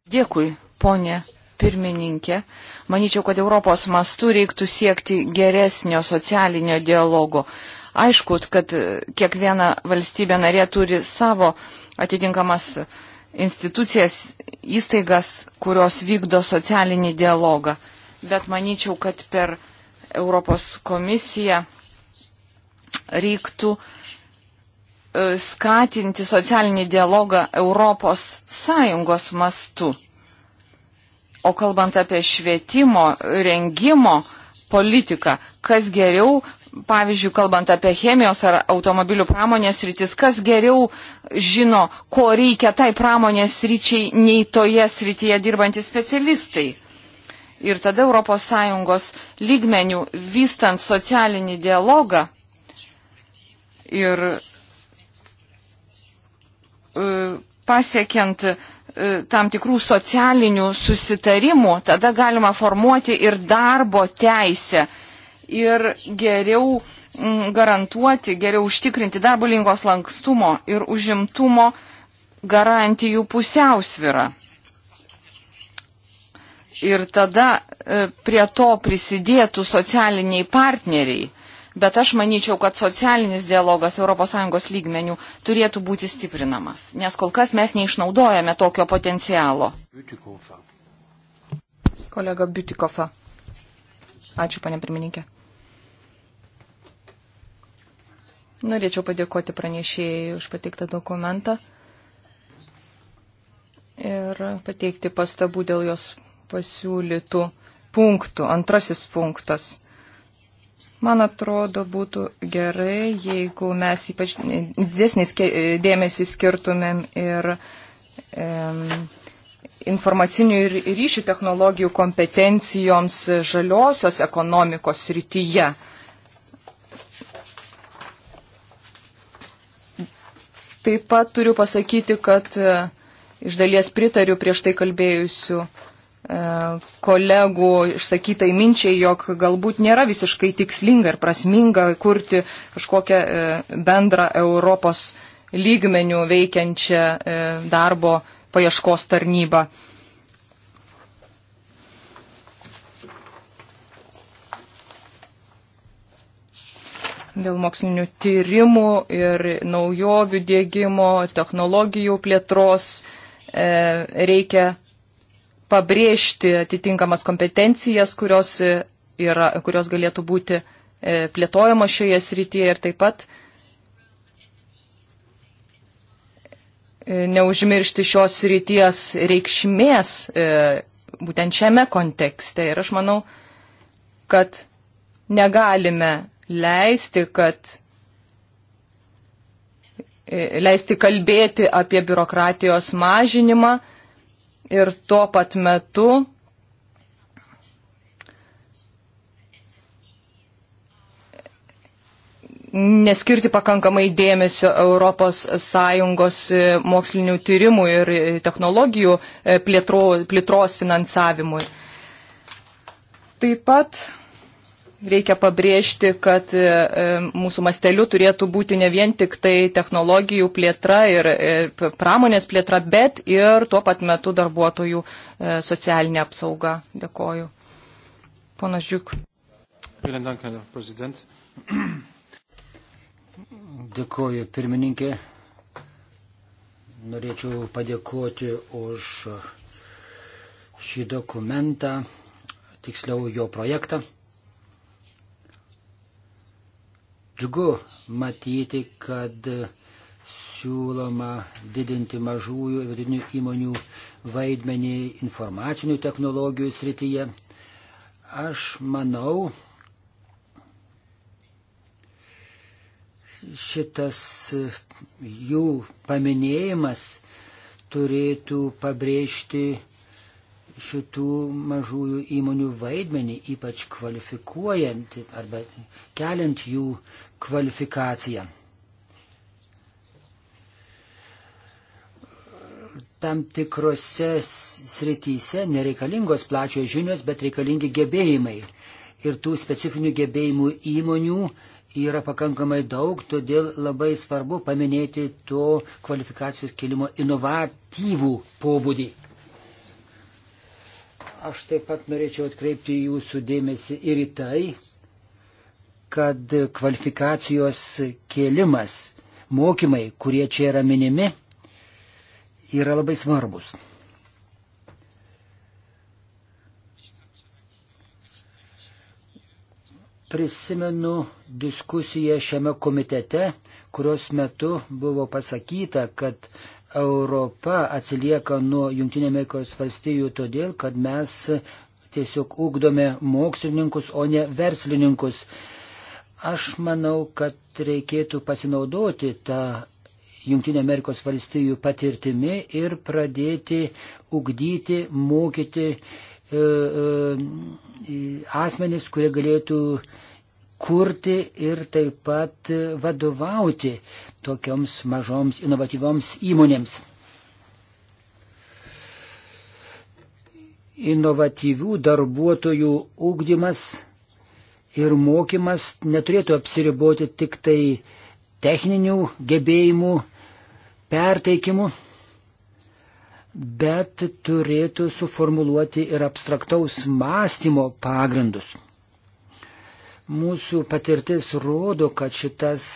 Speaker 2: Dėkui, ponė pirmininkė. Manyčiau, kad Europos mastu reiktų siekti geresnio socialinio dialogo. Aišku, kad kiekviena valstybė narė turi savo atitinkamas institucijas, įstaigas, kurios vykdo socialinį dialogą. Bet manyčiau, kad per Europos komisiją reiktų e, skatinti socialinį dialogą Europos Sąjungos mastu. O kalbant apie švietimo, rengimo politiką, kas geriau pavyzdžiui, kalbant apie chemijos ar automobilių pramonės rytis, kas geriau žino, ko reikia tai pramonės ryčiai, nei toje srityje dirbantys specialistai. Ir tada ES lygmenių vystant socialinį dialogą ir e, pasiekiant e, tam tikrų socialinių susitarimų, tada galima formuoti ir darbo teisę ir geriau mm, garantuoti, geriau užtikrinti darbo linkos lankstumo ir užimtumo garantijų pusiausvirą. Ir tada e, prie to prisidėtų socialiniai partneriai. Bet aš manyčiau, kad socialinis dialogas ES lygmenių turėtų būti stiprinamas, nes kol kas mes neišnaudojame tokio potencialo. Kolega Biutikofa. Ačiū, panė pirmininkė. Norėčiau padėkoti pranešėjai už pateiktą dokumentą ir pateikti pastabų dėl jos pasiūlytų punktų. Antrasis punktas. Man atrodo, būtų gerai, jeigu mes ypač didesnis dėmesį skirtumėm ir e, informacinių ir ryšių technologijų kompetencijoms žaliosios ekonomikos rytyje. E, Taip pat turiu pasakyti, kad e, iš dalies pritariu prieš tai kalbėjusių e, kolegų išsakytai minčiai, jog galbūt nėra visiškai tikslinga ir prasminga kurti kažkokią e, bendrą Europos lygmenių veikiančią darbo paieškos tarnybą. dėl mokslinių tyrimų ir naujovių dėgymo, technologijų plėtros e, reikia pabrėžti atitinkamas kompetencijas, kurios, yra, kurios galėtų būti e, plėtojamos šioje srityje ir taip pat e, neužmiršti šios srities reikšmės būtent šiame kontekste. Ir aš manau, kad negalime leisti, kad e, leisti kalbėti apie biurokratijos mažinimą ir tuo pat metu neskirti pakankamai dėmesio ES e, mokslinių tyrimų ir e, technologijų plėtro, plėtros finansavimui. Taip pat reikia pabrėžti, kad e, e, mūsų masteliu turėtų būti ne vien tik tai technologijų plėtra ir e, pramonės plėtra, bet ir tuo pat metu darbuotojų socialinė apsauga. Dėkoju. Pana Žiuk.
Speaker 1: Dėkoju, pirmininkė. Norėčiau padėkoti už šį dokumentą, tiksliau jo projektą. Džiugu matyti, kad siūloma didinti mažųjų ir vidutinių įmonių vaidmenį informacinių technologijų srityje. Aš manau, šitas jų paminėjimas turėtų pabrėžti šitų mažųjų įmonių vaidmenį, ypač kvalifikuojant arba keliant jų kvalifikaciją. Tam tikrose srityse nereikalingos plačios žinios, bet reikalingi gebėjimai. Ir tų specifinių gebėjimų įmonių yra pakankamai daug, todėl labai svarbu paminėti to kvalifikacijos kelimo inovatyvų pobūdį. Aš taip pat norėčiau atkreipti jūsų dėmesį ir į tai, kad kvalifikacijos kėlimas, mokymai, kurie čia yra minimi, yra labai svarbus. Prisimenu diskusiją šiame komitete, kurios metu buvo pasakyta, kad Europa atsilieka nuo Junktinė Amerikos valstijų todėl, kad mes tiesiog ugdome mokslininkus, o ne verslininkus. Aš manau, kad reikėtų pasinaudoti tą Junktinio Amerikos valstijų patirtimi ir pradėti ugdyti, mokyti e, e, asmenis, kurie galėtų kurti ir taip pat vadovauti tokioms mažoms inovatyvioms įmonėms. Inovatyvių darbuotojų ugdymas ir mokymas neturėtų apsiriboti tik tai techninių gebėjimų perteikimu, bet turėtų suformuluoti ir abstraktaus mąstymo pagrindus. Mūsų patirtis rodo, kad šitas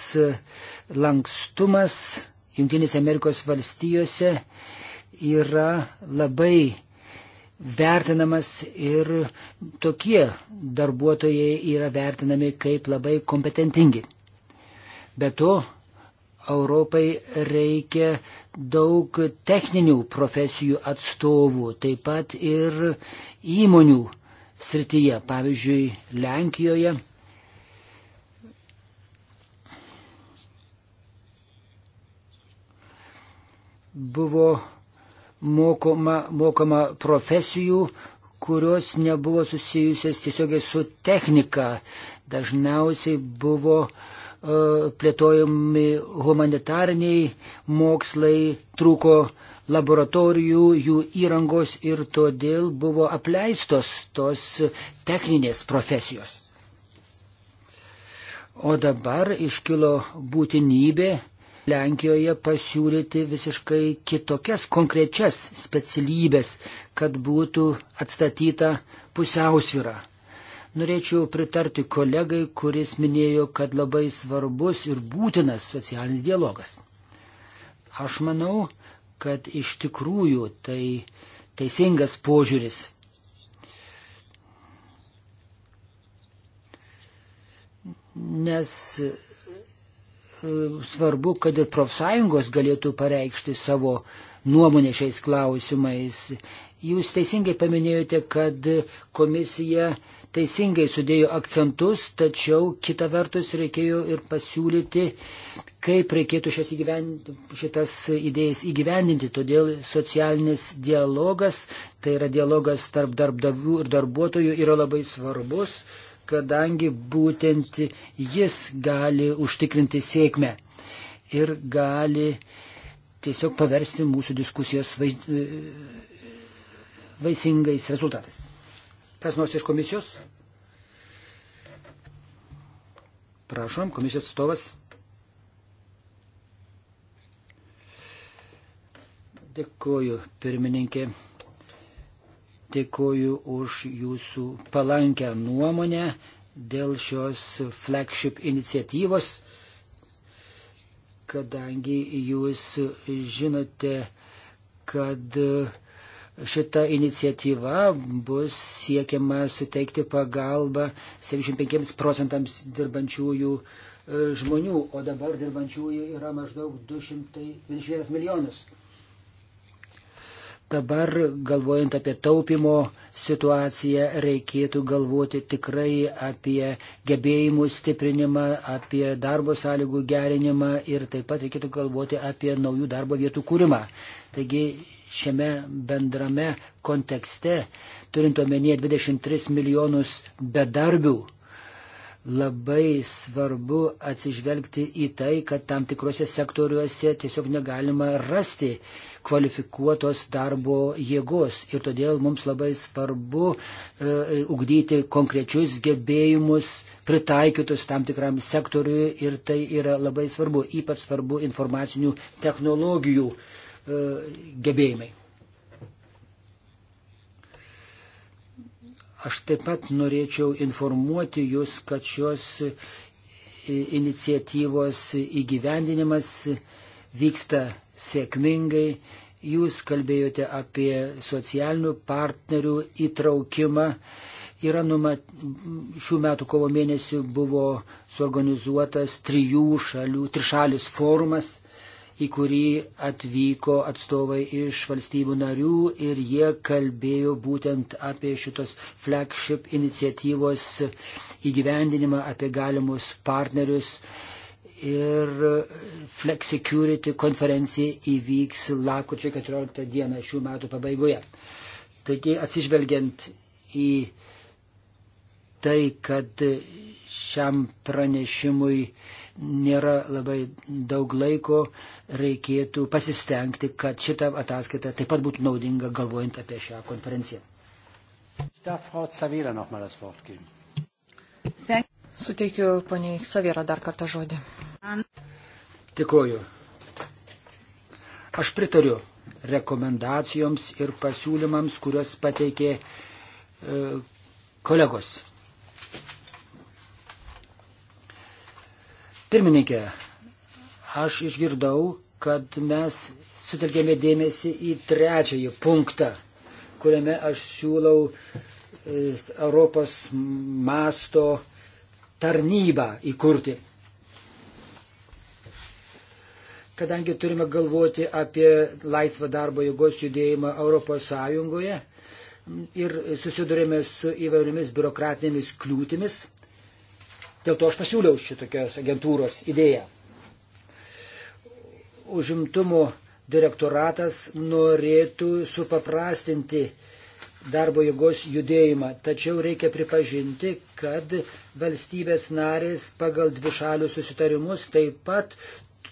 Speaker 1: lankstumas Junktinėse Amerikos valstijose yra labai vertinamas ir tokie darbuotojai yra vertinami kaip labai kompetentingi. Be to, Europai reikia daug techninių profesijų atstovų, taip pat ir įmonių srityje, pavyzdžiui, Lenkijoje. Buvo mokoma, mokoma profesijų, kurios nebuvo susijusios tiesiogiai su technika. Dažniausiai buvo uh, plėtojami humanitariniai mokslai, trūko laboratorijų, jų įrangos ir todėl buvo apleistos tos techninės profesijos. O dabar iškilo būtinybė uh, Lenkijoje pasiūlyti visiškai kitokias konkrečias specialybės, kad būtų atstatyta pusiausvyra. Norėčiau pritarti kolegai, kuris minėjo, kad labai svarbus ir būtinas socialinis dialogas. Aš manau, kad iš tikrųjų tai teisingas požiūris. Nes svarbu, kad ir profsąjungos galėtų pareikšti savo nuomonę šiais klausimais. Jūs teisingai paminėjote, kad komisija teisingai sudėjo akcentus, tačiau kita vertus reikėjo ir pasiūlyti, kaip reikėtų šias, įgyven... šitas idėjas įgyvendinti. Todėl socialinis dialogas, tai yra dialogas tarp darbdavių ir darbuotojų, yra labai svarbus kadangi būtent jis gali užtikrinti sėkmę ir gali tiesiog paversti mūsų diskusijos e, vaisingais rezultatais. Kas nors iš komisijos? Prašom, komisijos atstovas. Dėkuoju, pirmininkė. Dėkuoju už jūsų palankę nuomonę dėl šios flagship iniciatyvos, kadangi jūs žinote, kad šita iniciatyva bus siekiama suteikti pagalbą 75 procentams dirbančiųjų e, žmonių, o dabar dirbančiųjų yra maždaug 221 milijonus. Dabar, galvojant apie taupimo situaciją, reikėtų galvoti tikrai apie gebėjimų stiprinimą, apie darbo sąlygų gerinimą ir taip pat reikėtų galvoti apie naujų darbo vietų kūrimą. Taigi šiame bendrame kontekste, turint omenyje 23 milijonus bedarbių, labai svarbu atsižvelgti į tai, kad tam tikrose sektoriuose tiesiog negalima rasti kvalifikuotos darbo jėgos. Ir todėl mums labai svarbu e, ugdyti konkrečius gebėjimus pritaikytus tam tikram sektoriui ir tai yra labai svarbu, ypač svarbu informacinių technologijų e, gebėjimai. Aš taip pat norėčiau informuoti Jūs, kad šios iniciatyvos įgyvendinimas vyksta sėkmingai. Jūs kalbėjote apie socialinių partnerių įtraukimą. Yra numat... Šių metų kovo mėnesį buvo suorganizuotas trijų šalių, trišalis forumas į kurį atvyko atstovai iš valstybių narių ir jie kalbėjo būtent apie šitos flagship iniciatyvos įgyvendinimą, apie galimus partnerius. Ir Flexicurity konferencija įvyks lakučio 14 dieną šių metų pabaigoje. Taigi atsižvelgiant į tai, kad šiam pranešimui nėra labai daug laiko, reikėtų pasistengti, kad šita ataskaita taip pat būtų naudinga galvojant apie šią konferenciją.
Speaker 2: Suteikiu poniai Savira dar kartą žodį.
Speaker 1: Tikoju. Aš pritariu rekomendacijoms ir pasiūlymams, kuriuos pateikė e, kolegos. Pirmininkė, aš išgirdau, kad mes sutelkėme dėmesį į trečiąjį punktą, kuriame aš siūlau e, Europos masto tarnybą įkurti. Kadangi turime galvoti apie laisvą darbo jėgos judėjimą Europos Sąjungoje ir susidurėme su įvairiomis biurokratinėmis kliūtimis, dėl to aš pasiūliau šitokios agentūros idėją užimtumo direktoratas norėtų supaprastinti darbo jėgos judėjimą. Tačiau reikia pripažinti, kad valstybės narės pagal dvišalių susitarimus taip pat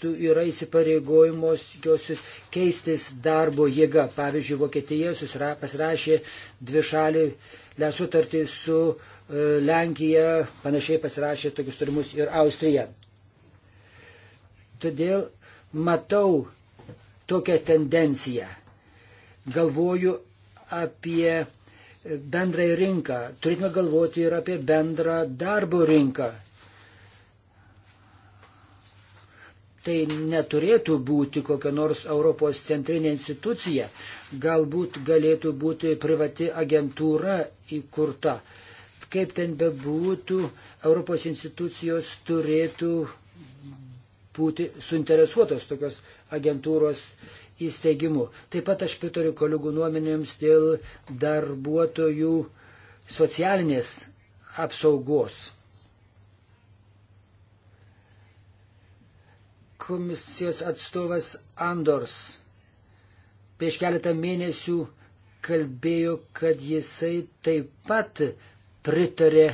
Speaker 1: yra įsipareigojimos jos keistis darbo jėga. Pavyzdžiui, Vokietija susira, pasirašė dvišalį sutartį su e, Lenkija, panašiai pasirašė tokius turimus ir Austrija. Todėl matau tokią tendenciją. Galvoju apie bendrąją rinką. Turėtume galvoti ir apie bendrą darbo rinką. Tai neturėtų būti kokia nors Europos centrinė institucija. Galbūt galėtų būti privati agentūra įkurta. Kaip ten bebūtų, Europos institucijos turėtų būti suinteresuotos tokios agentūros įsteigimu. Taip pat aš pritariu kolegų nuomenėms dėl darbuotojų socialinės apsaugos. Komisijos atstovas Andors prieš keletą mėnesių kalbėjo, kad jisai taip pat pritarė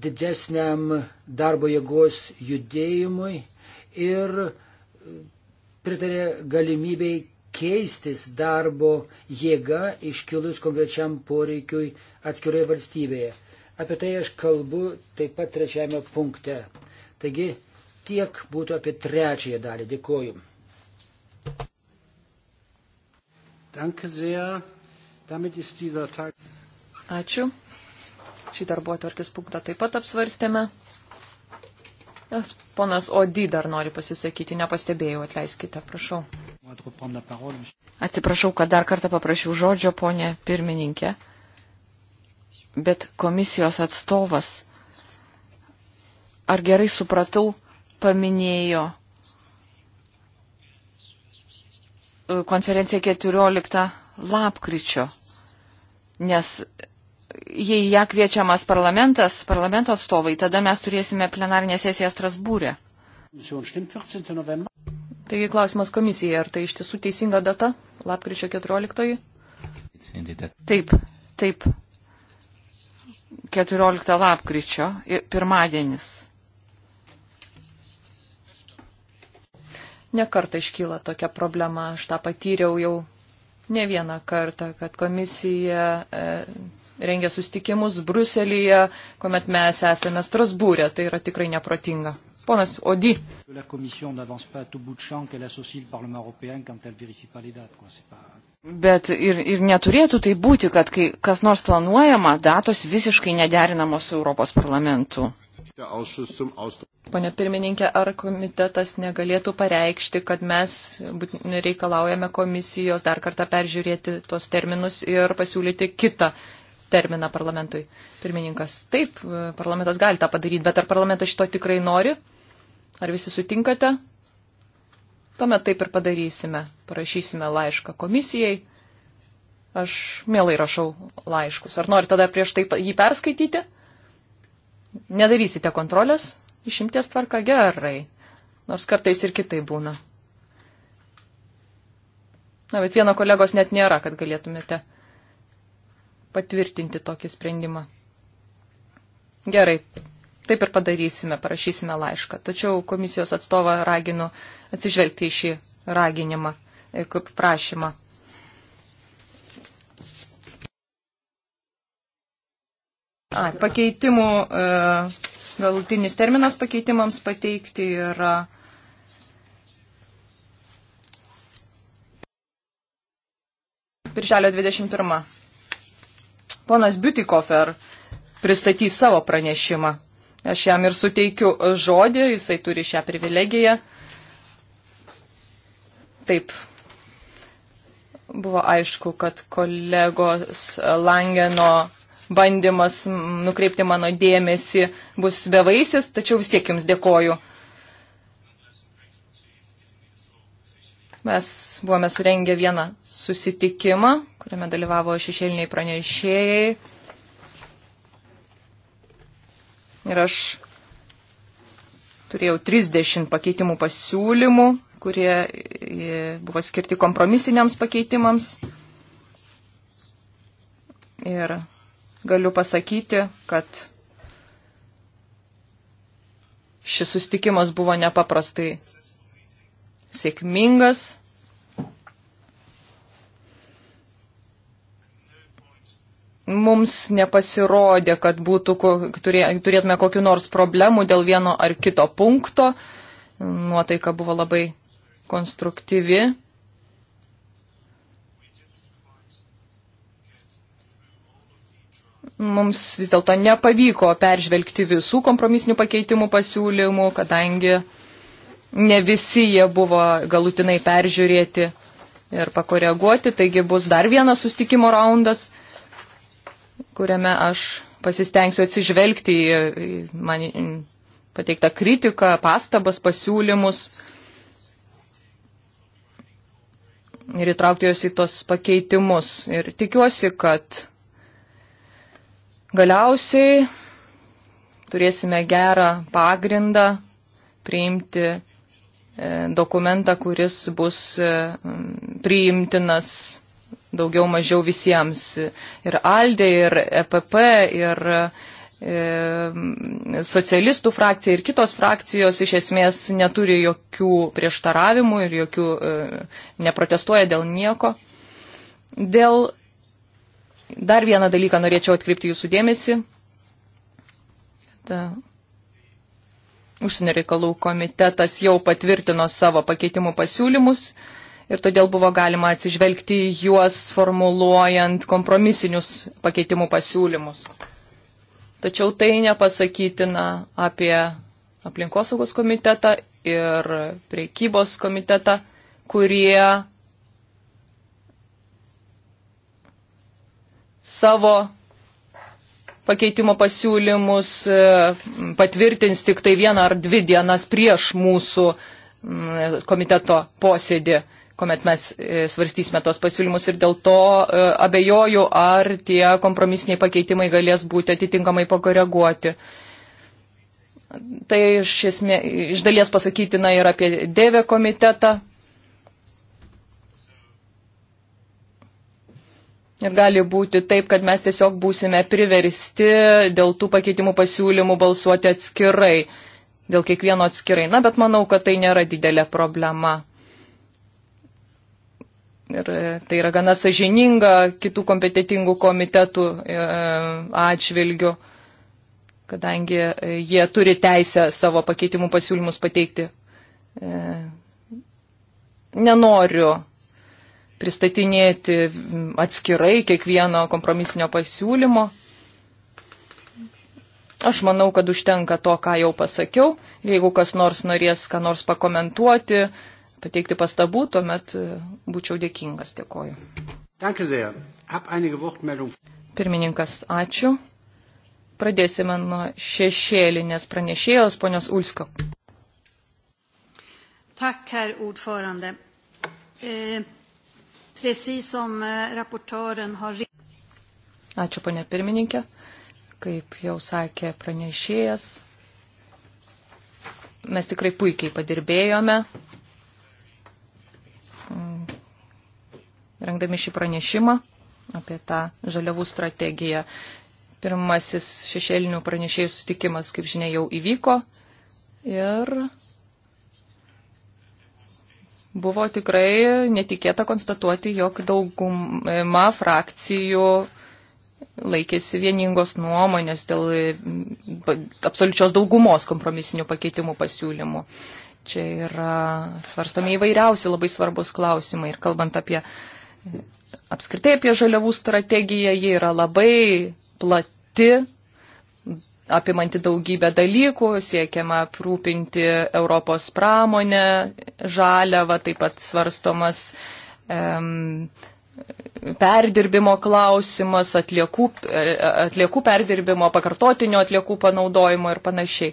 Speaker 1: didesniam darbo jėgos judėjimui ir pritarė galimybei keistis darbo jėga iškilus konkrečiam poreikiui atskiroje valstybėje. Apie tai aš kalbu taip pat trečiame punkte. Taigi tiek būtų apie trečiąją dalį. Dėkoju.
Speaker 2: Ačiū. Šį darbo atvarkės punktą taip pat apsvarstėme. Nes ponas Odi dar nori pasisakyti, nepastebėjau, atleiskite, prašau. Atsiprašau, kad dar kartą paprašiau žodžio, ponė pirmininkė, bet komisijos atstovas, ar gerai supratau, paminėjo e, konferenciją 14 lapkričio, nes jei ją kviečiamas parlamentas, parlamento atstovai, tada mes turėsime plenarinę sesiją Strasbūrė. Taigi klausimas komisijai, ar tai iš tiesų teisinga data, lapkričio 14? Taip, taip. 14 lapkričio, pirmadienis. Nekarta iškyla tokia problema, aš tą patyriau jau ne vieną kartą, kad komisija e, rengia sustikimus Bruselėje, kuomet mes esame Strasbūrė. Tai yra tikrai neprotinga. Ponas Odi. Bet ir, ir neturėtų tai būti, kad kai kas nors planuojama, datos visiškai nederinamos su Europos parlamentu. Pane pirmininkė, ar komitetas negalėtų pareikšti, kad mes reikalaujame komisijos dar kartą peržiūrėti tuos terminus ir pasiūlyti kitą terminą parlamentui. Pirmininkas, taip, parlamentas gali tą padaryti, bet ar parlamentas šito tikrai nori? Ar visi sutinkate? Tuomet taip ir padarysime. Parašysime laišką komisijai. Aš mielai rašau laiškus. Ar norite dar prieš tai jį perskaityti? Nedarysite kontrolės? Išimties tvarka gerai. Nors kartais ir kitai būna. Na, bet vieno kolegos net nėra, kad galėtumėte patvirtinti tokį sprendimą. Gerai, taip ir padarysime, parašysime laišką. Tačiau komisijos atstovą raginu atsižvelgti į šį raginimą, e, kaip prašymą. A, pakeitimų e, galutinis terminas pakeitimams pateikti yra. Birželio 21. Ponas Biutikofer pristatys savo pranešimą. Aš jam ir suteikiu žodį, jisai turi šią privilegiją. Taip. Buvo aišku, kad kolegos Langeno bandymas nukreipti mano dėmesį bus bevaisis, tačiau vis tiek jums dėkoju Mes buvome surengę vieną susitikimą, kuriame dalyvavo šešėliniai pranešėjai. Ir aš turėjau 30 pakeitimų pasiūlymų, kurie e, buvo skirti kompromisiniams pakeitimams. Ir galiu pasakyti, kad šis sustikimas buvo nepaprastai sėkmingas. Mums nepasirodė, kad būtų, turėtume kokiu nors problemų dėl vieno ar kito punkto. Nuotaika buvo labai konstruktyvi. mums vis dėlto nepavyko peržvelgti visų kompromisinių pakeitimų pasiūlymų, kadangi ne visi jie buvo galutinai peržiūrėti ir pakoreguoti, taigi bus dar vienas sustikimo raundas, kuriame aš pasistengsiu atsižvelgti į man pateiktą kritiką, pastabas, pasiūlymus ir įtraukti juos į tos pakeitimus. Ir tikiuosi, kad galiausiai turėsime gerą pagrindą priimti E, dokumentą, kuris bus e, priimtinas daugiau mažiau visiems. Ir Aldė, ir EPP, ir e, socialistų frakcija ir kitos frakcijos iš esmės neturi jokių prieštaravimų ir jokių neprotestuoja dėl nieko. Dėl dar vieną dalyką norėčiau atkreipti jūsų dėmesį. Ta Užsienio reikalų komitetas jau patvirtino savo pakeitimų pasiūlymus ir todėl buvo galima atsižvelgti juos formuluojant kompromisinius pakeitimų pasiūlymus. Tačiau tai nepasakytina apie aplinkosaugos komitetą ir priekybos komitetą, kurie savo pakeitimo pasiūlymus e, patvirtins tik tai vieną ar dvi dienas prieš mūsų komiteto posėdį, kuomet mes e, svarstysime tuos pasiūlymus ir dėl to e, abejoju, ar tie kompromisiniai pakeitimai galės būti atitinkamai pakoreguoti. Tai iš, esmė, iš dalies pasakytina ir apie dėvę komitetą, Ir gali būti taip, kad mes tiesiog būsime priversti dėl tų pakeitimų pasiūlymų balsuoti atskirai, dėl kiekvieno atskirai. Na, bet manau, kad tai nėra didelė problema. Ir e, tai yra gana sažininga kitų kompetitingų komitetų e, atžvilgių, kadangi e, jie turi teisę savo pakeitimų pasiūlymus pateikti. Nenoriu pristatinėti atskirai kiekvieno kompromisinio pasiūlymo. Aš manau, kad užtenka to, ką jau pasakiau. Jeigu kas nors norės ką nors pakomentuoti, pateikti pastabų, tuomet e, būčiau dėkingas. Dėkoju. Pirmininkas, ačiū. Pradėsime nuo šešėlinės pranešėjos ponios Ulsko. Tak, herr ordförande. E... Eh, Ačiū, ponė pirmininkė. Kaip jau sakė pranešėjas, mes tikrai puikiai padirbėjome, mm, rengdami šį pranešimą apie tą žaliavų strategiją. Pirmasis šešėlinių pranešėjų sustikimas, kaip žinia, jau įvyko ir Buvo tikrai netikėta konstatuoti, jog dauguma frakcijų laikėsi vieningos nuomonės dėl absoliučios daugumos kompromisinių pakeitimų pasiūlymų. Čia yra svarstomi įvairiausi labai svarbus klausimai ir kalbant apie apskritai apie žaliavų strategiją, ji yra labai plati, apimanti daugybę dalykų, siekiama aprūpinti Europos pramonę, žaliavą, taip pat svarstomas um, perdirbimo klausimas, atliekų, atliekų perdirbimo, pakartotinio atliekų panaudojimo ir panašiai.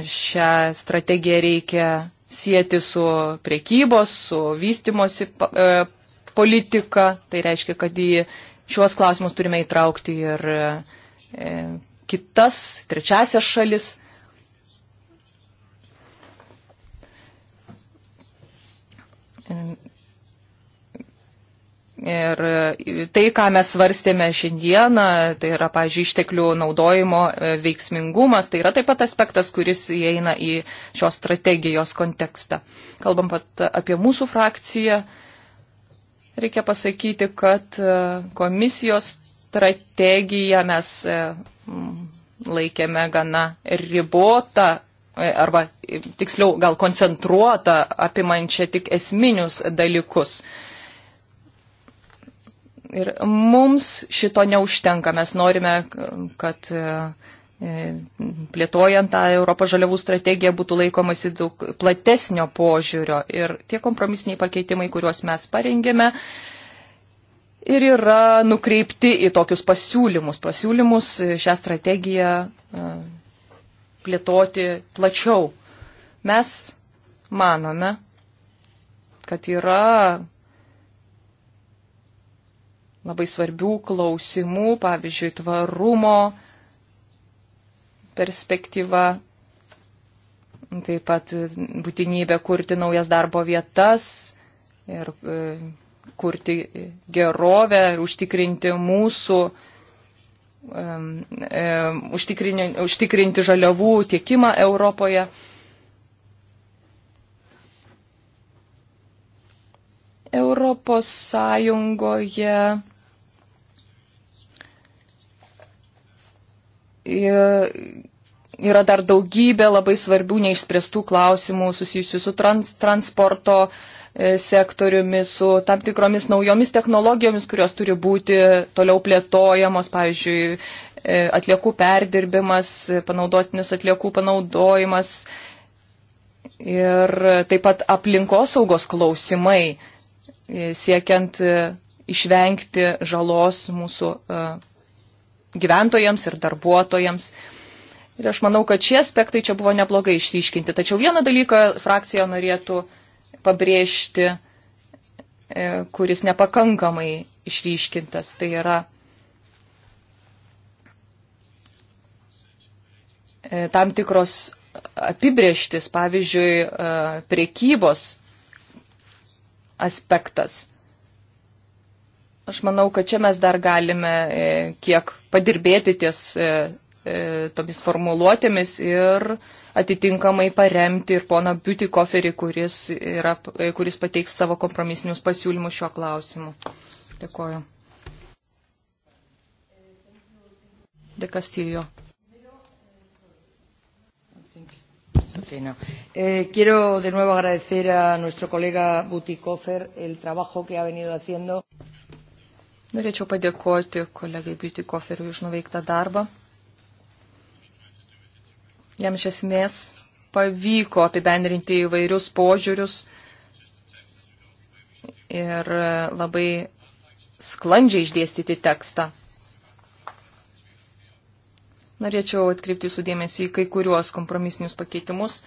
Speaker 2: Ir šią strategiją reikia sieti su priekybos, su vystimosi e, politika. Tai reiškia, kad į šiuos klausimus turime įtraukti ir uh, E, kitas, trečiasias šalis. Ir tai, ką mes svarstėme šiandieną, tai yra, pažiūrėjau, išteklių naudojimo e, veiksmingumas, tai yra taip pat aspektas, kuris įeina į šios strategijos kontekstą. Kalbam pat apie mūsų frakciją, reikia pasakyti, kad e, komisijos strategiją mes e, laikėme gana ribotą e, arba e, tiksliau gal koncentruotą, apimančią tik esminius dalykus. Ir mums šito neužtenka. Mes norime, kad plėtojant tą Europos žaliavų strategiją būtų laikomasi daug platesnio požiūrio. Ir tie kompromisiniai pakeitimai, kuriuos mes parengėme, ir yra nukreipti į tokius pasiūlymus, pasiūlymus šią strategiją e, plėtoti plačiau. Mes manome, kad yra labai svarbių klausimų, pavyzdžiui, tvarumo perspektyva, taip pat būtinybė kurti naujas darbo vietas ir e, kurti gerovę ir užtikrinti mūsų, um, um, užtikrinti žaliavų tiekimą Europoje. Europos Sąjungoje yra dar daugybė labai svarbių neišspręstų klausimų susijusių su trans, transporto e, sektoriumi, su tam tikromis naujomis technologijomis, kurios turi būti toliau plėtojamos, pavyzdžiui, e, atliekų perdirbimas, panaudotinis atliekų panaudojimas ir taip pat aplinkosaugos klausimai, e, siekiant išvengti žalos mūsų gyventojams ir darbuotojams. Ir aš manau, kad šie aspektai čia buvo neblogai išryškinti. Tačiau vieną dalyką frakcija norėtų pabrėžti, e, kuris nepakankamai išryškintas. Tai yra e, tam tikros apibrieštis, pavyzdžiui, e, priekybos aspektas. Aš manau, kad čia mes dar galime kiek padirbėti ties E, tomis formuluotėmis ir atitinkamai paremti ir poną Biutikoferį, kuris, yra, e, kuris pateiks savo kompromisinius pasiūlymus šiuo klausimu. Dėkoju. Dėkastijo. Okay, no. eh, quiero de nuevo agradecer a nuestro colega Butikofer el trabajo que ha venido haciendo. Norėčiau padėkoti kolegai Biutikoferiui už nuveiktą darbą. Jam iš esmės pavyko apibendrinti įvairius požiūrius ir labai sklandžiai išdėstyti tekstą. Norėčiau atkreipti sudėmėsi į kai kuriuos kompromisinius pakeitimus.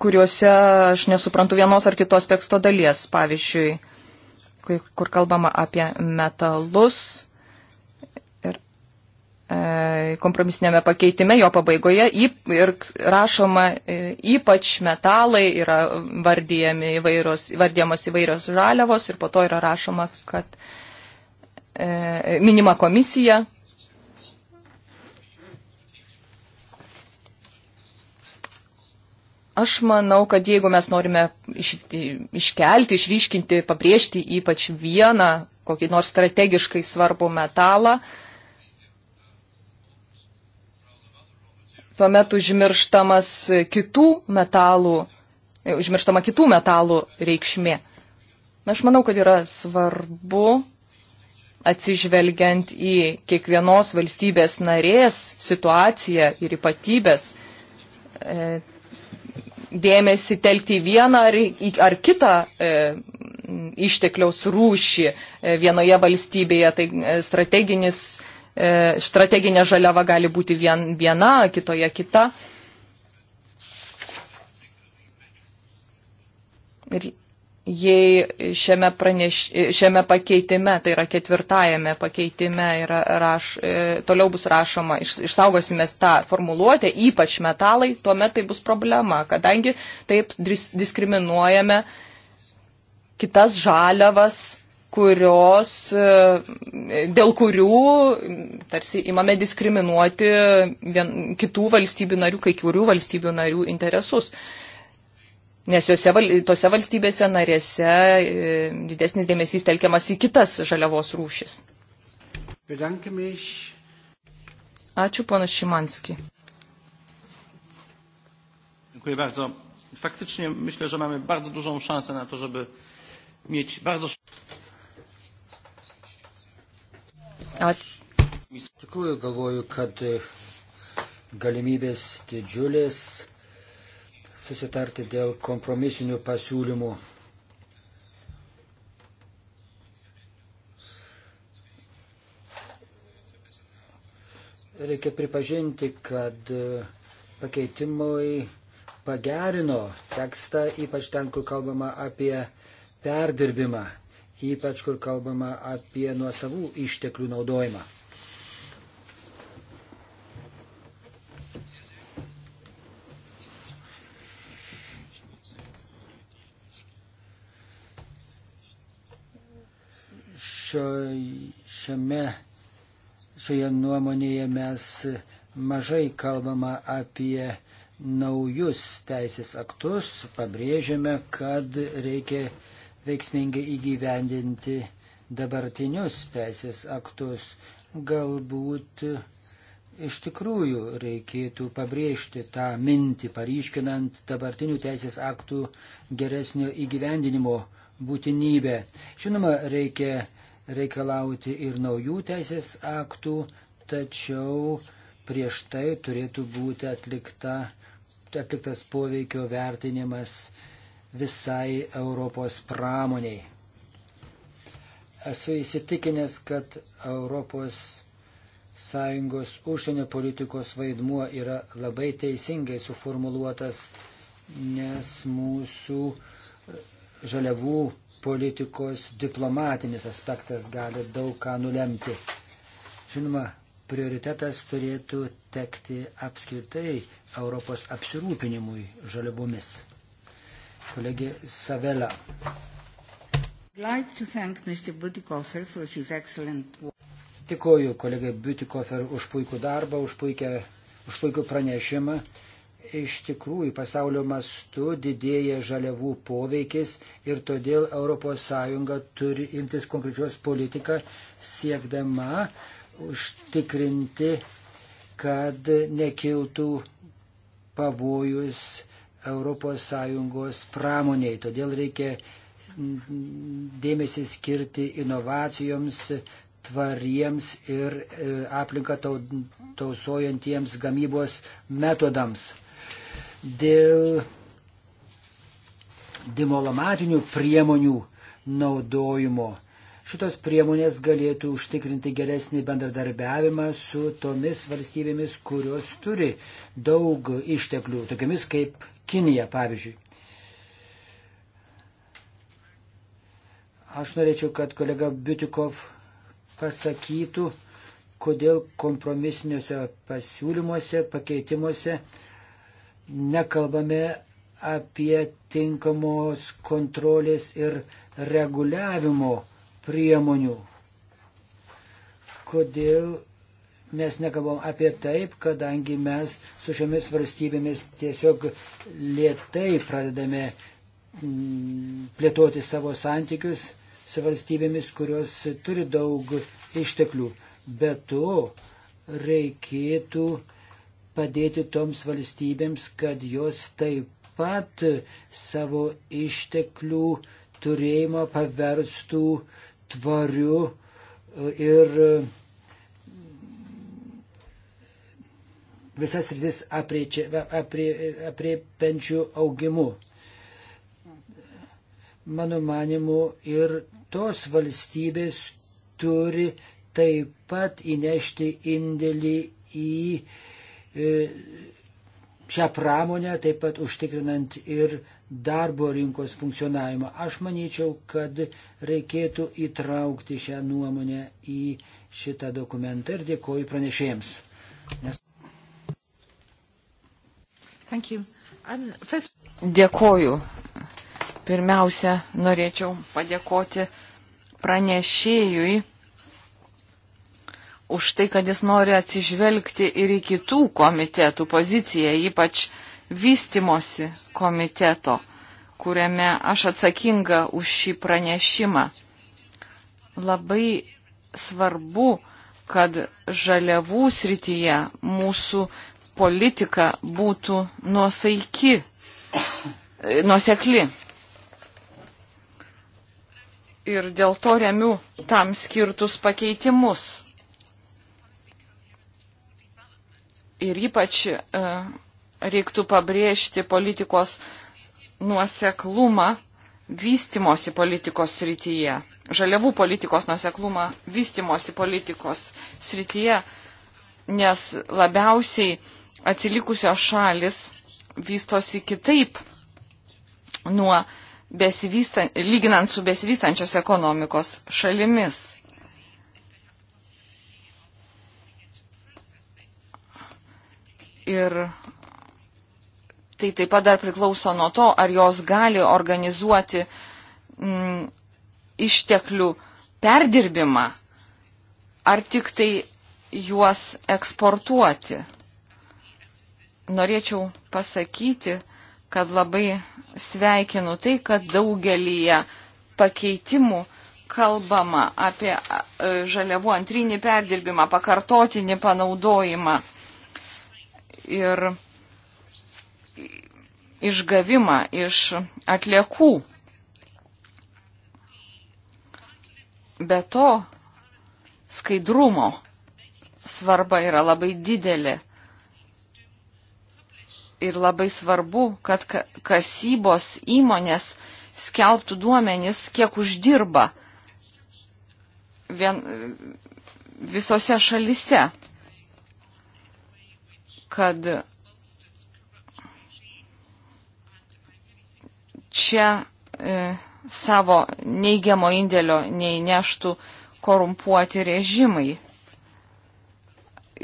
Speaker 2: kuriuose aš nesuprantu vienos ar kitos teksto dalies. Pavyzdžiui, kur kalbama apie metalus. Ir e, kompromisinėme pakeitime jo pabaigoje į, ir rašoma e, ypač metalai, yra įvairios, vardėmas įvairios žaliavos ir po to yra rašoma, kad e, minima komisija Aš manau, kad jeigu mes norime iš, iškelti, išryškinti, pabrėžti ypač vieną kokį nors strategiškai svarbų metalą, tuomet užmirštamas kitų metalų, užmirštama kitų metalų reikšmė. Na, aš manau, kad yra svarbu atsižvelgiant į kiekvienos valstybės narės situaciją ir ypatybės, e, dėmesį telkti į vieną ar, ar kitą e, ištekliaus rūšį e, vienoje valstybėje. Tai e, strateginis, e, strateginė žaliava gali būti vien, viena, kitoje kita. Ir jei šiame, praneš, šiame pakeitime, tai yra ketvirtajame pakeitime, yra raš, e, toliau bus rašoma, iš, išsaugosime tą formuluotę, ypač metalai, tuomet tai bus problema, kadangi taip dis, diskriminuojame kitas žaliavas kurios, e, dėl kurių tarsi imame diskriminuoti vien, kitų valstybių narių, kai kurių valstybių narių interesus. Uh, nes jose, tose valstybėse narėse e, didesnis dėmesys telkiamas į kitas žaliavos rūšis. Ačiū, ponas Šimanski. Dziękuję bardzo. Faktycznie myślę, że mamy bardzo dużą szansę na to, żeby mieć bardzo.
Speaker 1: Iš tikrųjų galvoju, kad galimybės didžiulės susitarti dėl kompromisinių pasiūlymų. Reikia pripažinti, kad e, pakeitimai pagerino tekstą, ypač ten, kur kalbama apie perdirbimą, ypač kur kalbama apie nuosavų išteklių naudojimą. šio, šiame, šioje nuomonėje mes mažai kalbama apie naujus teisės aktus, pabrėžiame, kad reikia veiksmingai įgyvendinti dabartinius teisės aktus. Galbūt iš tikrųjų reikėtų pabrėžti tą mintį, paryškinant dabartinių teisės aktų geresnio įgyvendinimo būtinybę. Žinoma, reikia reikalauti ir naujų teisės aktų, tačiau prieš tai turėtų būti atlikta, atliktas poveikio vertinimas visai Europos pramoniai. Esu įsitikinęs, kad Europos Sąjungos užsienio politikos vaidmuo yra labai teisingai suformuluotas, nes mūsų žaliavų politikos diplomatinis aspektas gali daug ką nulemti. Žinoma, prioritetas turėtų tekti apskritai Europos apsirūpinimui žaliavomis. Kolegė Savela. Dėkoju kolegai Butikofer už puikų darbą, už, puikia, už puikų pranešimą iš tikrųjų pasaulio mastu didėja žaliavų poveikis ir todėl ES turi imtis konkrečios politiką siekdama užtikrinti, kad nekiltų pavojus ES pramoniai. Todėl reikia dėmesį skirti inovacijoms, tvariems ir e, aplinką tausojantiems gamybos metodams dėl dimolomatinių priemonių naudojimo. Šitos priemonės galėtų užtikrinti geresnį bendradarbiavimą su tomis valstybėmis, kurios turi daug išteklių, tokiamis kaip Kinija, pavyzdžiui. Aš norėčiau, kad kolega Biutikov pasakytų, kodėl kompromisiniuose pasiūlymuose, pakeitimuose nekalbame apie tinkamos kontrolės ir reguliavimo priemonių. Kodėl mes nekalbam apie taip, kadangi mes su šiomis valstybėmis tiesiog lietai pradedame mm, plėtoti savo santykius su valstybėmis, kurios turi daug išteklių. Be to reikėtų uh, padėti toms valstybėms, kad jos taip pat savo išteklių turėjimą paverstų tvariu e, ir e, visas rytis apriepiančių augimu. Mano manimu, ir tos valstybės turi taip pat įnešti indėlį į uh, E, šią pramonę, taip pat užtikrinant ir darbo rinkos funkcionavimą. Aš manyčiau, kad reikėtų įtraukti šią nuomonę į šitą dokumentą ir dėkoju pranešėjams. Nes...
Speaker 2: Um, first... Dėkoju. Pirmiausia, norėčiau padėkoti pranešėjui už tai, kad jis nori atsižvelgti ir į kitų komitetų poziciją, ypač vystimosi komiteto, kuriame aš atsakinga už šį pranešimą. Labai svarbu, kad žaliavų srityje mūsų politika būtų nuosaiki, nuosekli. Ir dėl to remiu tam skirtus pakeitimus. ir ypač e, reiktų pabrėžti politikos nuoseklumą vystimosi politikos srityje, žaliavų politikos nuoseklumą vystimosi politikos srityje, nes labiausiai atsilikusios šalis vystosi kitaip nuo lyginant su besivystančios ekonomikos šalimis. Ir tai taip pat dar priklauso nuo to, ar jos gali organizuoti m, mm, išteklių perdirbimą, ar tik tai juos eksportuoti. Norėčiau pasakyti, kad labai sveikinu tai, kad daugelyje pakeitimų kalbama apie e, žaliavų antrinį perdirbimą, pakartotinį panaudojimą ir išgavimą iš atliekų. Be to, skaidrumo svarba yra labai didelė. Ir labai svarbu, kad kasybos įmonės skelbtų duomenis, kiek uždirba vien, visose šalise kad čia e, savo neigiamo indėlio neįneštų korumpuoti režimai.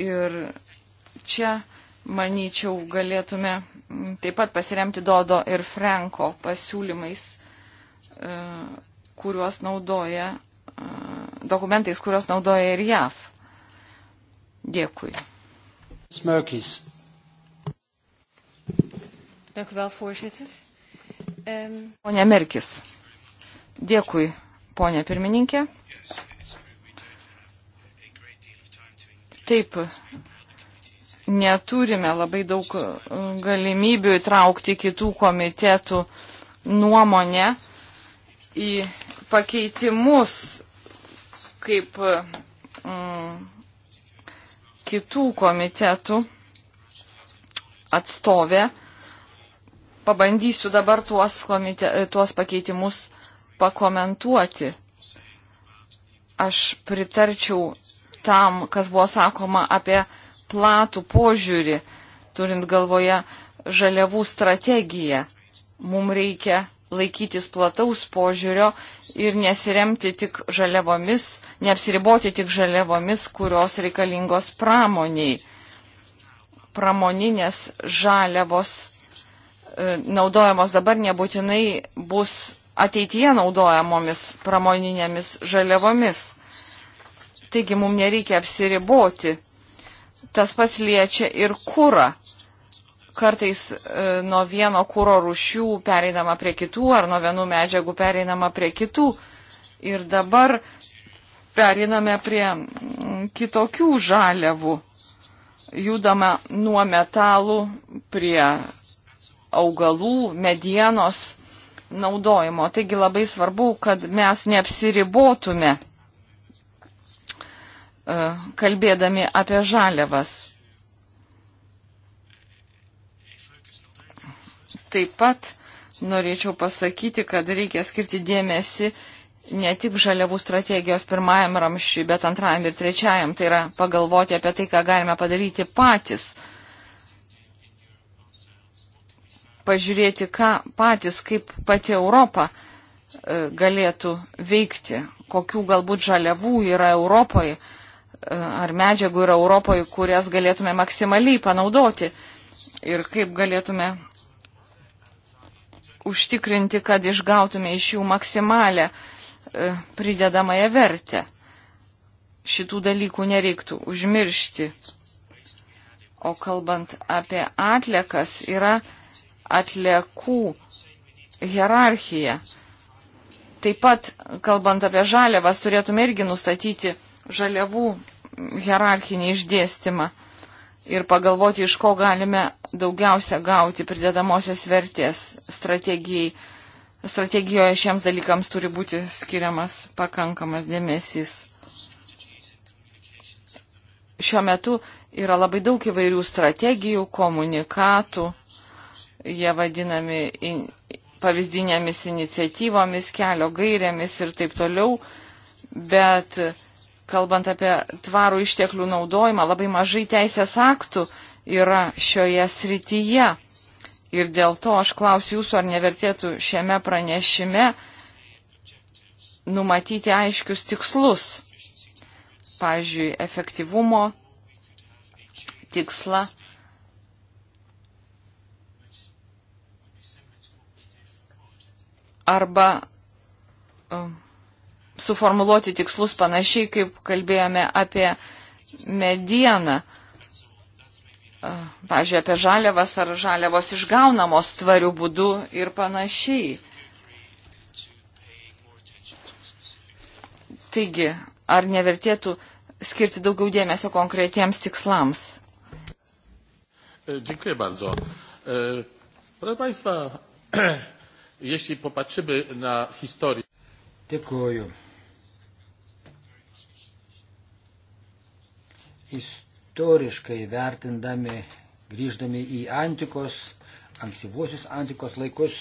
Speaker 2: Ir čia, manyčiau, galėtume taip pat pasiremti Dodo ir Franko pasiūlymais, e, kuriuos naudoja, e, dokumentais, kuriuos naudoja ir JAV. Dėkui. Smerkis. Dank u wel, voorzitter. Um... Ehm, Pone Merkis. Dėkui, ponė pirmininkė. Taip, neturime labai daug e, galimybių įtraukti kitų komitetų nuomonę į pakeitimus, kaip mm, kitų komitetų atstovė. Pabandysiu dabar tuos, komite, tuos pakeitimus pakomentuoti. Aš pritarčiau tam, kas buvo sakoma apie platų požiūrį, turint galvoje žaliavų strategiją. Mums reikia laikytis plataus požiūrio ir nesiremti tik žaliavomis, neapsiriboti tik žaliavomis, kurios reikalingos pramoniai. Pramoninės žaliavos e, naudojamos dabar nebūtinai bus ateityje naudojamomis pramoninėmis žaliavomis. Taigi mums nereikia apsiriboti. Tas pats liečia ir kūrą kartais e, nuo vieno kūro rušių pereinama prie kitų ar nuo vienų medžiagų pereinama prie kitų. Ir dabar pereiname prie mm, kitokių žaliavų. Judama nuo metalų prie augalų, medienos naudojimo. Taigi labai svarbu, kad mes neapsiribotume e, kalbėdami apie žaliavas. Taip pat norėčiau pasakyti, kad reikia skirti dėmesį ne tik žaliavų strategijos pirmajam ramščiui, bet antrajam ir trečiajam. Tai yra pagalvoti apie tai, ką galime padaryti patys. Pažiūrėti, ką patys, kaip pati Europa e, galėtų veikti, kokių galbūt žaliavų yra Europoje e, ar medžiagų yra Europoje, kurias galėtume maksimaliai panaudoti ir kaip galėtume užtikrinti, kad išgautume iš jų maksimalę e, pridedamąją vertę. Šitų dalykų nereiktų užmiršti. O kalbant apie atliekas, yra atliekų hierarchija. Taip pat, kalbant apie žaliavas, turėtume irgi nustatyti žaliavų hierarchinį išdėstymą ir pagalvoti, iš ko galime daugiausia gauti pridedamosios vertės strategijai. Strategijoje šiems dalykams turi būti skiriamas pakankamas dėmesys. Šiuo metu yra labai daug įvairių strategijų, komunikatų, jie vadinami in, pavyzdinėmis iniciatyvomis, kelio gairėmis ir taip toliau, bet uh, kalbant apie tvarų išteklių naudojimą, labai mažai teisės aktų yra šioje srityje. Ir dėl to aš klausiu jūsų, ar nevertėtų šiame pranešime numatyti aiškius tikslus. Pavyzdžiui, efektyvumo tikslą. Arba um, suformuluoti tikslus panašiai, kaip kalbėjome apie medieną. Pavyzdžiui, apie žaliavas ar žaliavos išgaunamos tvarių būdų ir panašiai. Taigi, ar nevertėtų skirti daugiau dėmesio konkretiems tikslams? E, dziękuję bardzo. E, proszę Państwa, <clears throat> jeśli popatrzymy
Speaker 1: na historię. Dziękuję. istoriškai vertindami, grįždami į antikos, ankstyvuosius antikos laikus,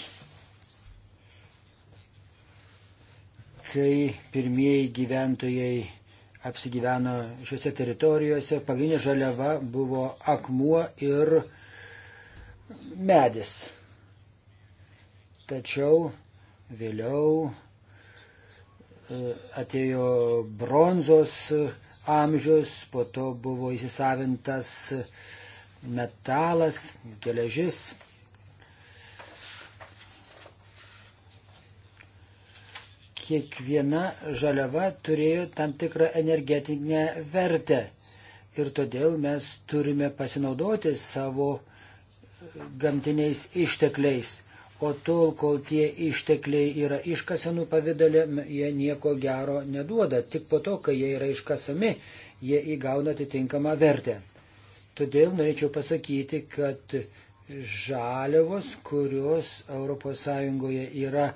Speaker 1: kai pirmieji gyventojai apsigyveno šiuose teritorijose, pagrindinė žaliava buvo akmuo ir medis. Tačiau vėliau e, atėjo bronzos amžius, po to buvo įsisavintas metalas, geležis. Kiekviena žaliava turėjo tam tikrą energetinę vertę ir todėl mes turime pasinaudoti savo gamtiniais ištekliais o tol, kol tie ištekliai yra iškasenų pavydelė, jie nieko gero neduoda. Tik po to, kai jie yra iškasami, jie įgauna atitinkamą vertę. Todėl norėčiau pasakyti, kad žaliavos, kurios ES yra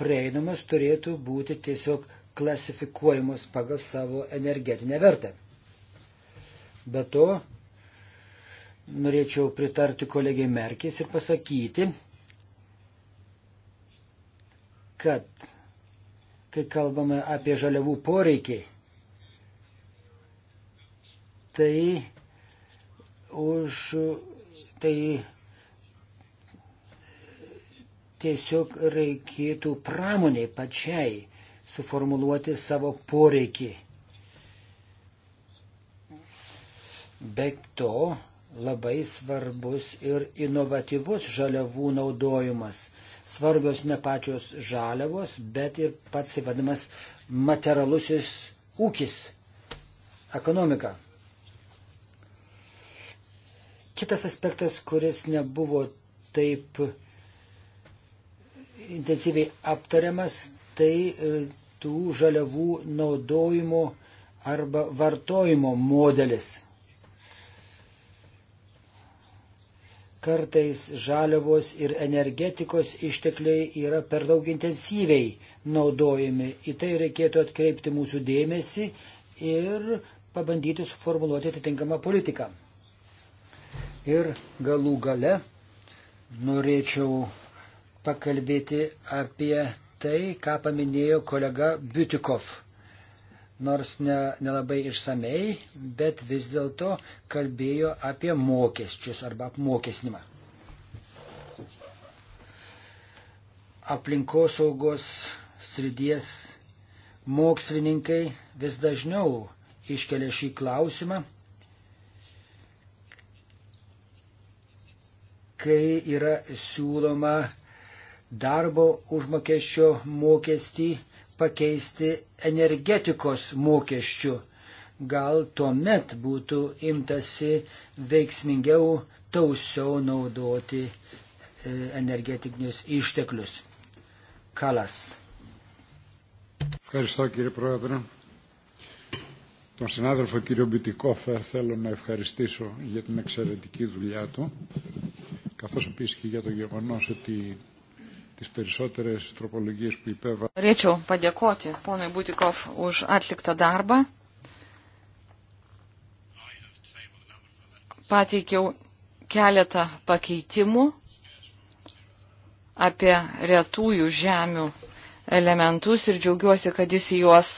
Speaker 1: prieinamos, turėtų būti tiesiog klasifikuojamos pagal savo energetinę vertę. Be to, norėčiau pritarti kolegiai Merkis ir pasakyti, kad kai kalbame apie žaliavų poreikį, tai už tai tiesiog reikėtų pramoniai pačiai suformuluoti savo poreikį. Be to labai svarbus ir inovatyvus žaliavų naudojimas svarbios ne pačios žaliavos, bet ir pats įvadimas materialusis ūkis, ekonomika. Kitas aspektas, kuris nebuvo taip intensyviai aptariamas, tai e, tų žaliavų naudojimo arba vartojimo modelis. kartais žaliavos ir energetikos ištekliai yra per daug intensyviai naudojami. Į tai reikėtų atkreipti mūsų dėmesį ir pabandyti suformuoluoti atitinkamą politiką. Ir galų gale norėčiau pakalbėti apie tai, ką paminėjo kolega Butikov nors ne, nelabai išsamei, bet vis dėlto kalbėjo apie mokesčius arba apmokesnimą. Aplinkosaugos srities mokslininkai vis dažniau iškelia šį klausimą, kai yra siūloma darbo užmokesčio mokestį pakeisti energetikos mokesčių. Gal tuo met būtų imtasi veiksmingiau tausiau naudoti e, energetinius išteklius. Kalas. Ευχαριστώ κύριε Πρόεδρε. Τον συνάδελφο κύριο Μπιτικόφερ θέλω να ευχαριστήσω για την εξαιρετική δουλειά του, καθώς επίσης και για το γεγονός ότι τις περισσότερες τροπολογίες που υπέβαλα.
Speaker 2: Norėčiau padėkoti ponui Butikov už atliktą darbą. Pateikiau keletą pakeitimų apie retųjų žemių elementus ir džiaugiuosi, kad jis į juos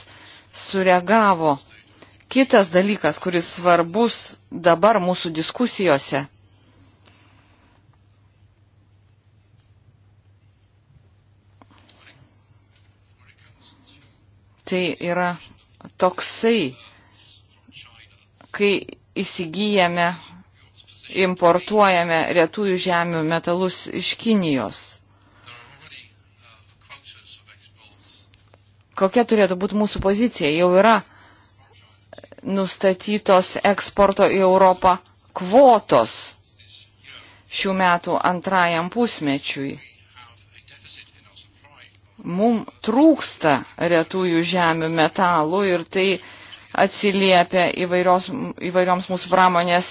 Speaker 2: sureagavo. Kitas dalykas, kuris svarbus dabar mūsų diskusijose, tai yra toksai, kai įsigijame, importuojame retųjų žemių metalus iš Kinijos. Kokia turėtų būti mūsų pozicija? Jau yra nustatytos eksporto į Europą kvotos šių metų antrajam pusmečiui mums trūksta retųjų žemių metalų ir tai atsiliepia įvairios, įvairioms mūsų pramonės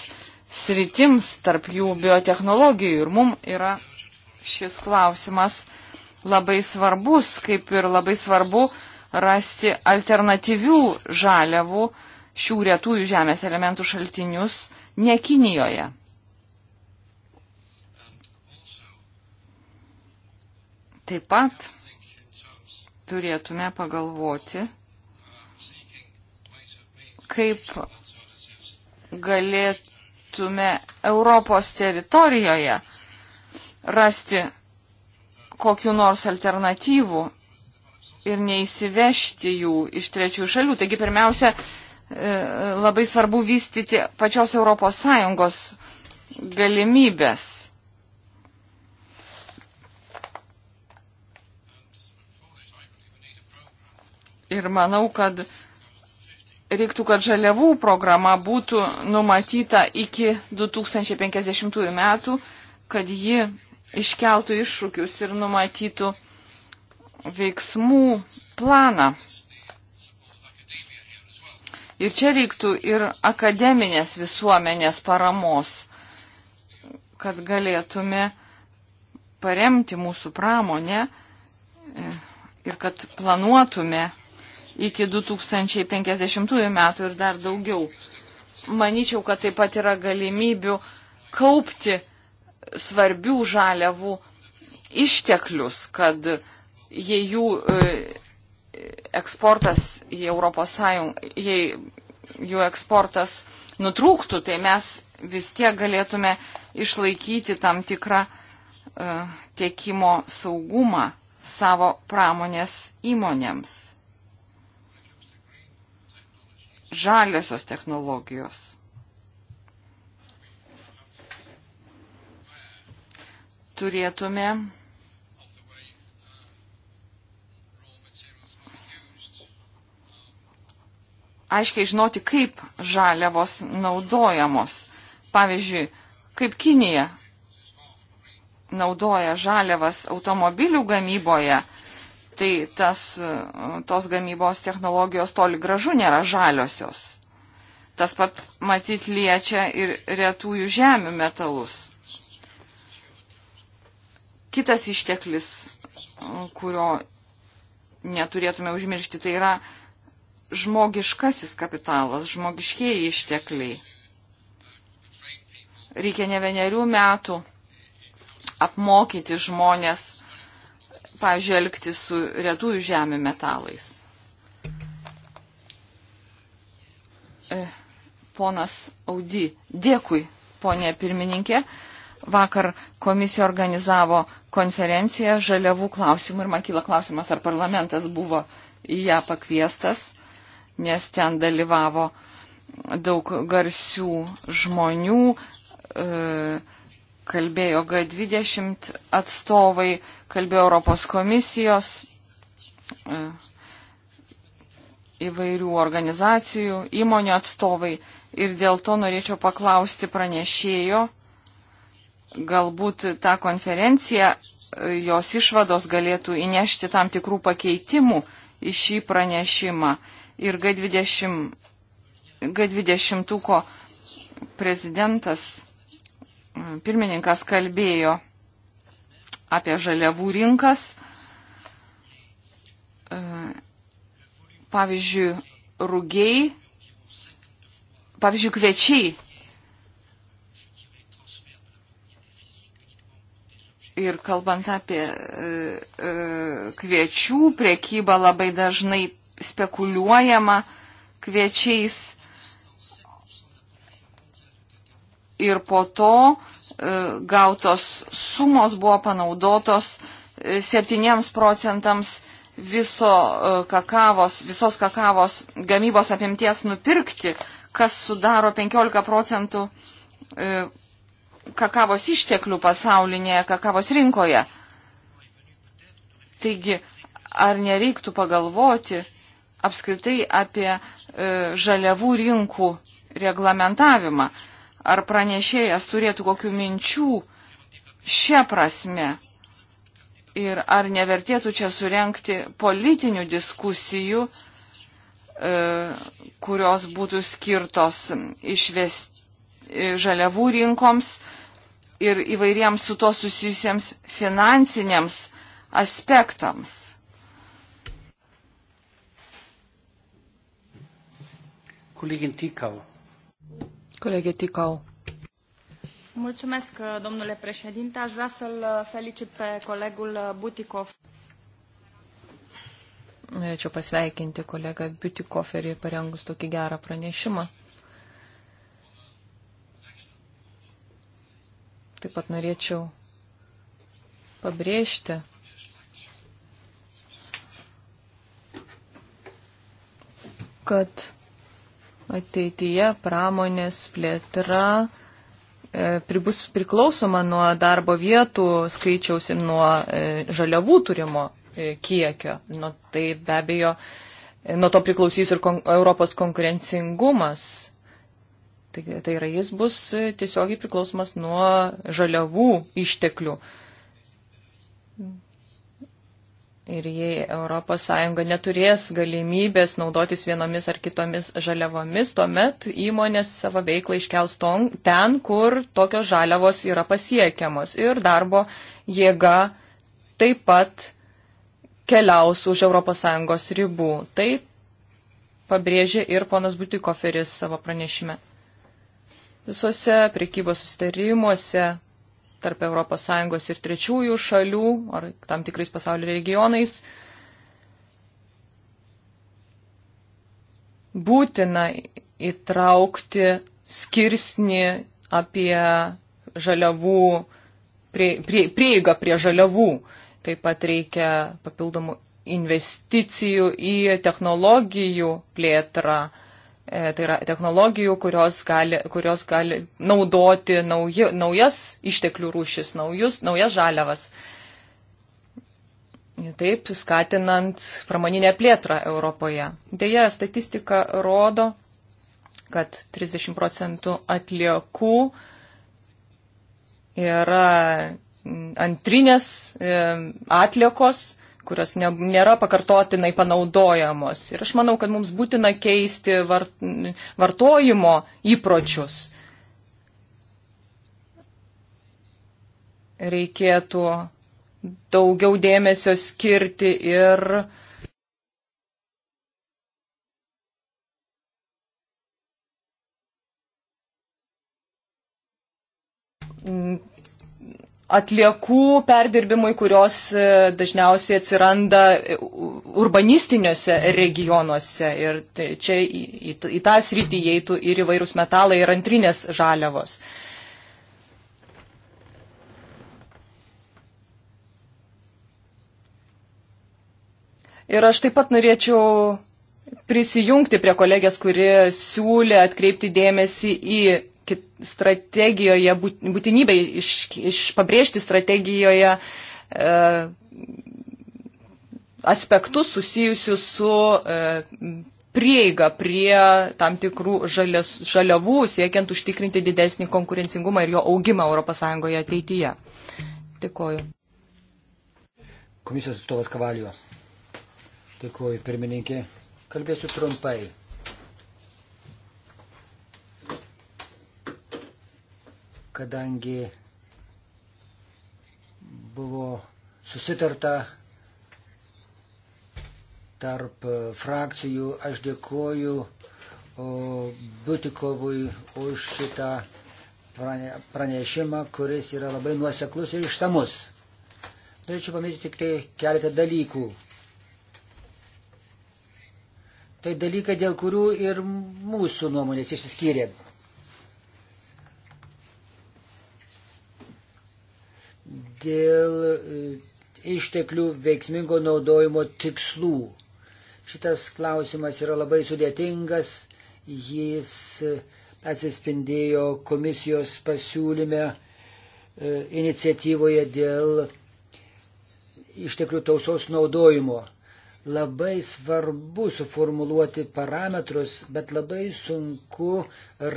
Speaker 2: sritims, tarp jų biotehnologijų. Ir mums yra šis klausimas labai svarbus, kaip ir labai svarbu rasti alternatyvių žaliavų šių retųjų žemės elementų šaltinius ne Kinijoje. Taip pat turėtume pagalvoti, kaip galėtume Europos teritorijoje rasti kokiu nors alternatyvų ir neįsivežti jų iš trečiųjų šalių. Taigi pirmiausia, e, labai svarbu vystyti pačios Europos Sąjungos galimybės. ir manau, kad reiktų, kad žaliavų programa būtų numatyta iki 2050 metų, kad ji iškeltų iššūkius ir numatytų veiksmų planą. Ir čia reiktų ir akademinės visuomenės paramos, kad galėtume paremti mūsų pramonę e, ir kad planuotume iki 2050 metų ir dar daugiau. Manyčiau, kad taip pat yra galimybių kaupti svarbių žaliavų išteklius, kad jei jų e, eksportas į Europos Sąjungą, jei jų eksportas nutrūktų, tai mes vis tiek galėtume išlaikyti tam tikrą uh, tiekimo saugumą savo pramonės įmonėms žaliosios technologijos. Turėtume aiškiai žinoti, kaip žaliavos naudojamos. Pavyzdžiui, kaip Kinija naudoja žaliavas automobilių gamyboje, tai tas, e, tos gamybos technologijos toli gražu nėra žaliosios. Tas pat matyt liečia ir retųjų žemių metalus. Kitas išteklis, e, kurio neturėtume užmiršti, tai yra žmogiškasis kapitalas, žmogiškieji ištekliai. Reikia ne vienerių metų apmokyti žmonės pavyzdžiui, elgtis su retųjų žemė metalais. E, ponas Audy, dėkui, ponė pirmininkė. Vakar komisija organizavo konferenciją žaliavų klausimų ir man kyla klausimas, ar parlamentas buvo į ją pakviestas, nes ten dalyvavo daug garsių žmonių. E, kalbėjo G20 atstovai, kalbėjo Europos komisijos e, įvairių organizacijų, įmonių atstovai. Ir dėl to norėčiau paklausti pranešėjo, galbūt tą konferenciją, e, jos išvados galėtų įnešti tam tikrų pakeitimų į šį pranešimą. Ir G20, G20 prezidentas pirmininkas kalbėjo apie žaliavų rinkas. E, pavyzdžiui, rugiai, pavyzdžiui, kviečiai ir kalbant apie e, e, kviečių priekybą labai dažnai spekuliuojama kviečiais. ir po to e, gautos sumos buvo panaudotos 7 e, procentams viso e, kakavos, visos kakavos gamybos apimties nupirkti, kas sudaro 15 procentų kakavos išteklių pasaulinėje kakavos rinkoje. Taigi, ar nereiktų pagalvoti apskritai apie žaliavų rinkų reglamentavimą? ar pranešėjas turėtų kokių minčių šią prasme. Ir ar nevertėtų čia surenkti politinių diskusijų, e, kurios būtų skirtos išvest e, žaliavų rinkoms ir įvairiems su to susijusiems finansiniams aspektams.
Speaker 1: Kolegin Tikau.
Speaker 2: Colegă Ticau. Mulțumesc, domnule președinte. Aș vrea să-l felicit pe colegul Butikov. Norėčiau pasveikinti kolegą Butikoferį, parengus tokį gerą pranešimą. Taip pat norėčiau pabrėžti, kad ateityje pramonės plėtra e, bus priklausoma nuo darbo vietų skaičiaus ir nuo e, žaliavų turimo e, kiekio. Nu, tai be abejo, nuo to priklausys ir kon Europos konkurencingumas. Tai, tai yra, jis bus tiesiogiai priklausomas nuo žaliavų išteklių. Ir jei ES neturės galimybės naudotis vienomis ar kitomis žaliavomis, tuomet įmonės savo veiklą iškels ton, ten, kur tokios žaliavos yra pasiekiamos. Ir darbo jėga taip pat keliaus už ES ribų. Tai pabrėžė ir ponas Butikoferis savo pranešime. Visose priekybos sustarimuose tarp ES ir trečiųjų šalių ar tam tikrais pasaulio regionais. Būtina įtraukti skirsnį apie žaliavų, prie, prie, prieigą prie žaliavų. Taip pat reikia papildomų investicijų į technologijų plėtrą E, tai yra technologijų, kurios gali, kurios gali naudoti nauji, naujas išteklių rūšis, naujus, naujas žaliavas. Taip, skatinant pramoninę plėtrą Europoje. Deja, statistika rodo, kad 30 procentų atliekų yra antrinės e, atliekos kurios ne, nėra pakartotinai panaudojamos. Ir aš manau, kad mums būtina keisti vart, vartojimo įpročius. Reikėtų daugiau dėmesio skirti ir mm, atliekų perdirbimui, kurios e, dažniausiai atsiranda e, urbanistiniuose regionuose. Ir tai čia į, į, į tą sritį įeitų ir įvairūs metalai, ir antrinės žaliavos. Ir aš taip pat norėčiau prisijungti prie kolegės, kuri siūlė atkreipti dėmesį į strategijoje, būtinybė iš, iš pabrėžti strategijoje e, aspektus susijusius su e, prieiga prie tam tikrų žalias, žaliavų, siekiant užtikrinti didesnį konkurencingumą ir jo augimą ES ateityje. Dėkoju.
Speaker 1: Komisijos atstovas Kavalio. Dėkoju, pirmininkė. Kalbėsiu trumpai kadangi buvo susitarta tarp frakcijų. Aš dėkoju Butikovui už šitą pranešimą, kuris yra labai nuoseklus ir išsamus. Norėčiau paminėti tik tai keletą dalykų. Tai dalykai, dėl kurių ir mūsų nuomonės išsiskyrė. dėl e, išteklių veiksmingo naudojimo tikslų. Šitas klausimas yra labai sudėtingas, jis atsispindėjo komisijos pasiūlyme e, iniciatyvoje dėl išteklių tausos naudojimo. Labai svarbu suformuluoti parametrus, bet labai sunku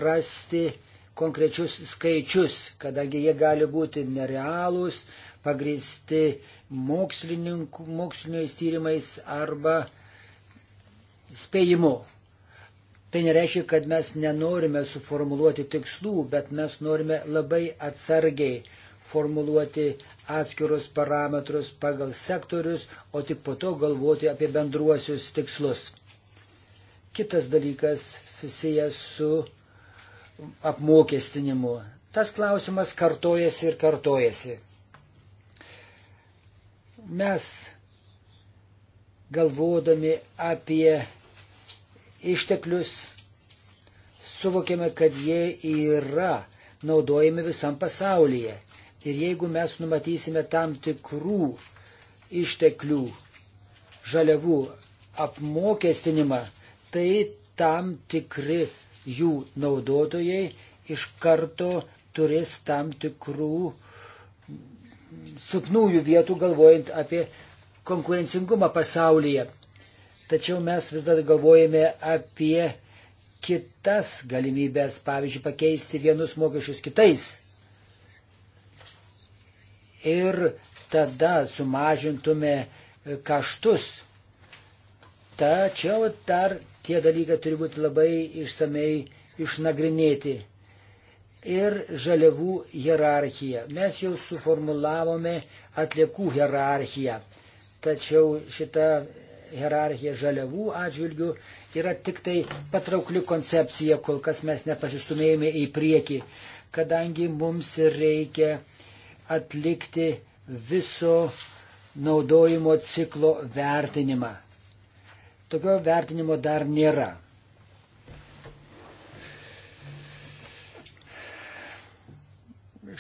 Speaker 1: rasti konkrečius skaičius, kadangi jie gali būti nerealūs, pagristi moksliniais tyrimais arba spėjimu. Tai nereiškia, kad mes nenorime suformuluoti tikslų, bet mes norime labai atsargiai formuluoti atskirus parametrus pagal sektorius, o tik po to galvoti apie bendruosius tikslus. Kitas dalykas susijęs su apmokestinimu. Tas klausimas kartojasi ir kartojasi. Mes galvodami apie išteklius suvokėme, kad jie yra naudojami visam pasaulyje. Ir jeigu mes numatysime tam tikrų išteklių žaliavų apmokestinimą, tai tam tikri jų naudotojai iš karto turės tam tikrų silpnųjų vietų galvojant apie konkurencingumą pasaulyje. Tačiau mes vis dar galvojame apie kitas galimybės, pavyzdžiui, pakeisti vienus mokesčius kitais. Ir tada sumažintume kaštus Tačiau dar tie dalykai turi būti labai išsamei išnagrinėti. Ir žaliavų hierarchija. Mes jau suformulavome atliekų hierarchiją. Tačiau šita hierarchija žaliavų atžvilgių yra tik tai patraukli koncepcija, kol kas mes nepasistumėjome į priekį, kadangi mums reikia atlikti viso naudojimo ciklo vertinimą. Tokio vertinimo dar nėra.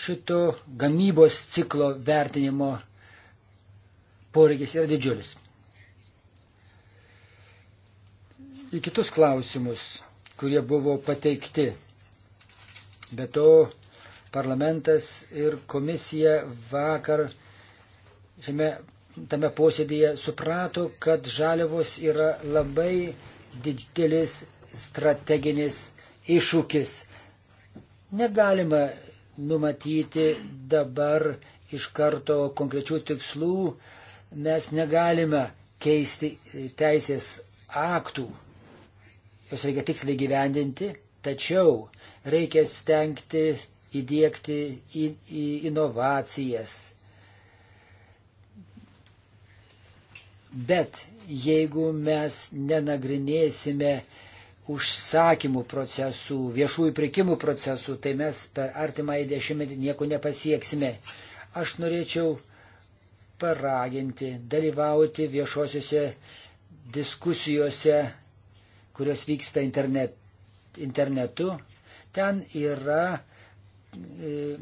Speaker 1: Šito gamybos ciklo vertinimo poreikis yra didžiulis. Į kitus klausimus, kurie buvo pateikti. Be to, parlamentas ir komisija vakar šiame tame posėdėje suprato, kad žaliavos yra labai didelis strateginis iššūkis. Negalima numatyti dabar iš karto konkrečių tikslų, mes negalime keisti teisės aktų, jos reikia tiksliai gyvendinti, tačiau reikia stengti įdėkti į, į inovacijas Bet jeigu mes nenagrinėsime užsakymų procesų, viešųjų pirkimų procesų, tai mes per artimąjį dešimtmetį nieko nepasieksime. Aš norėčiau paraginti, dalyvauti viešosiuose diskusijose, kurios vyksta internet, internetu. Ten yra e,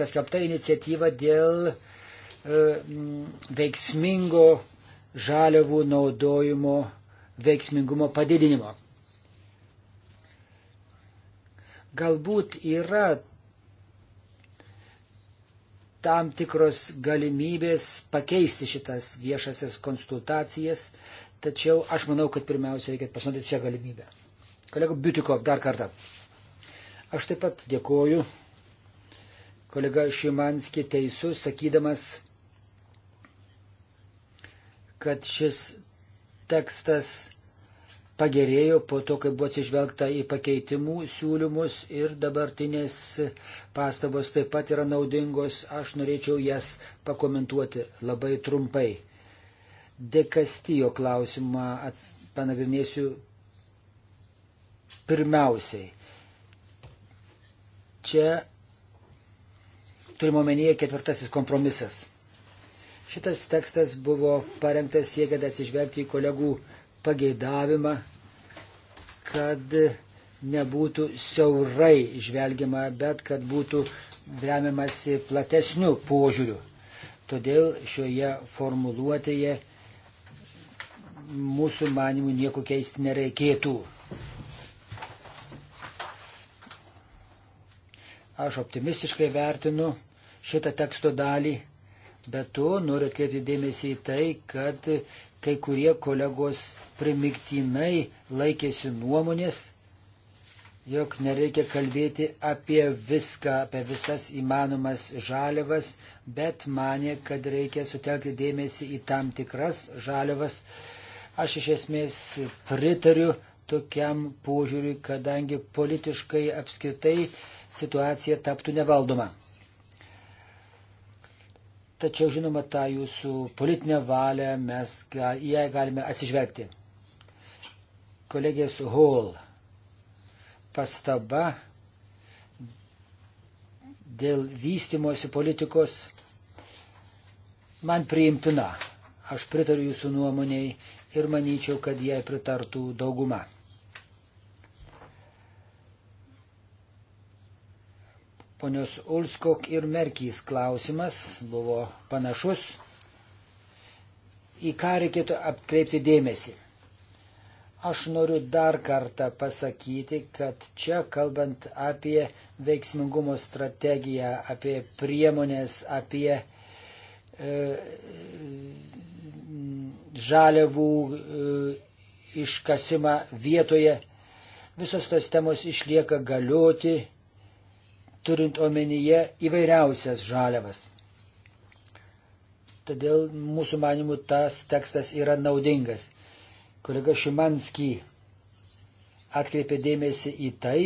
Speaker 1: paskelbta iniciatyva dėl e, E, veiksmingo žaliavų naudojimo veiksmingumo padidinimo. Galbūt yra tam tikros galimybės pakeisti šitas viešasias konsultacijas, tačiau aš manau, kad pirmiausia reikia pasinaudoti šią galimybę. Kolego Biutiko, dar kartą. Aš taip pat dėkoju. Kolega Šimanski teisus, sakydamas, kad šis tekstas pagerėjo po to, kai buvo atsižvelgta į pakeitimų siūlymus ir dabartinės pastabos taip pat yra naudingos. Aš norėčiau jas pakomentuoti labai trumpai. Dekastijo klausimą ats... panagrinėsiu pirmiausiai. Čia turime omenyje ketvirtasis kompromisas. Šitas tekstas buvo parengtas siekiant atsižvelgti į kolegų pageidavimą, kad nebūtų siaurai žvelgiama, bet kad būtų remiamasi platesniu požiūriu. Todėl šioje formuluotėje mūsų manimų nieko keisti nereikėtų. Aš optimistiškai vertinu šitą teksto dalį Bet to noriu atkreipti dėmesį į tai, kad kai kurie kolegos primiktinai laikėsi nuomonės, jog nereikia kalbėti apie viską, apie visas įmanomas žaliavas, bet mane, kad reikia sutelkti dėmesį į tam tikras žaliavas. Aš iš esmės pritariu tokiam požiūriui, kadangi politiškai apskritai situacija taptų nevaldoma. Tačiau, žinoma, tą jūsų politinę valią mes ją galime atsižvelgti. Kolegės Hall pastaba dėl vystimosi politikos man priimtina. Aš pritariu jūsų nuomoniai ir manyčiau, kad jai pritartų dauguma. Ponios Ulskok ir Merkys klausimas buvo panašus. Į ką reikėtų atkreipti dėmesį? Aš noriu dar kartą pasakyti, kad čia kalbant apie veiksmingumo strategiją, apie priemonės, apie e, žaliavų e, iškasimą vietoje, visos tos temos išlieka galioti turint omenyje įvairiausias žaliavas. Todėl mūsų manimų tas tekstas yra naudingas. Kolega Šimanski atkreipė dėmesį į tai,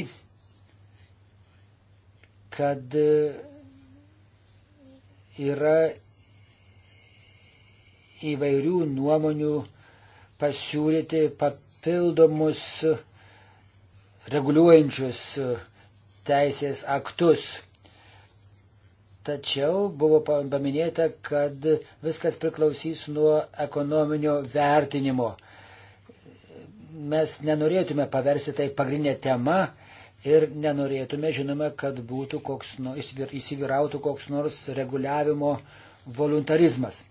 Speaker 1: kad yra įvairių nuomonių pasiūlyti papildomus reguliuojančius teisės aktus. Tačiau buvo paminėta, kad viskas priklausys nuo ekonominio vertinimo. Mes nenorėtume paversi tai pagrindinę temą ir nenorėtume, žinome, kad būtų koks, nu, įsivyrautų koks nors reguliavimo voluntarizmas.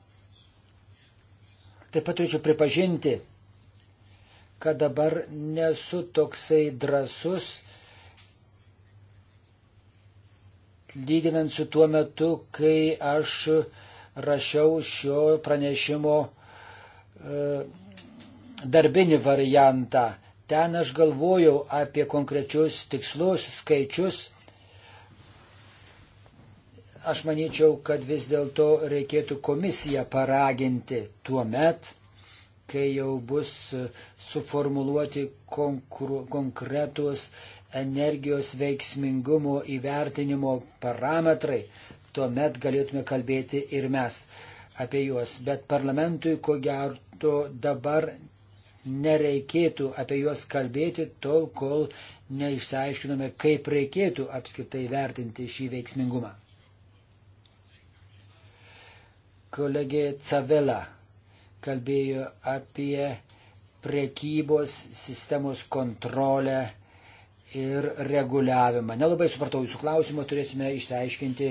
Speaker 1: Taip pat turėčiau pripažinti, kad dabar nesu toksai drasus lyginant su tuo metu, kai aš rašiau šio pranešimo e, darbinį variantą. Ten aš galvojau apie konkrečius tikslus, skaičius. Aš manyčiau, kad vis dėlto reikėtų komisiją paraginti tuo met, kai jau bus suformuluoti konkretus energijos veiksmingumo įvertinimo parametrai, tuomet galėtume kalbėti ir mes apie juos. Bet parlamentui, ko gero, dabar nereikėtų apie juos kalbėti tol, kol neišsiaiškinome, kaip reikėtų apskritai vertinti šį veiksmingumą. Kolegė Cavela kalbėjo apie priekybos sistemos kontrolę ir reguliavimą. Nelabai supratau jūsų klausimą, turėsime išsiaiškinti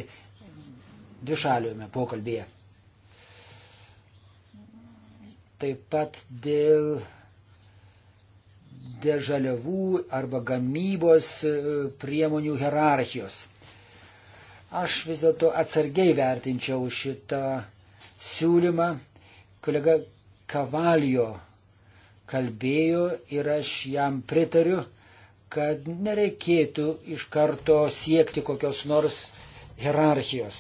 Speaker 1: dvišaliojame pokalbėje. Taip pat dėl, dėl žaliavų arba gamybos e, priemonių hierarchijos. Aš vis dėlto atsargiai vertinčiau šitą siūlymą. Kolega Kavalio kalbėjo ir aš jam pritariu kad nereikėtų iš karto siekti kokios nors hierarchijos.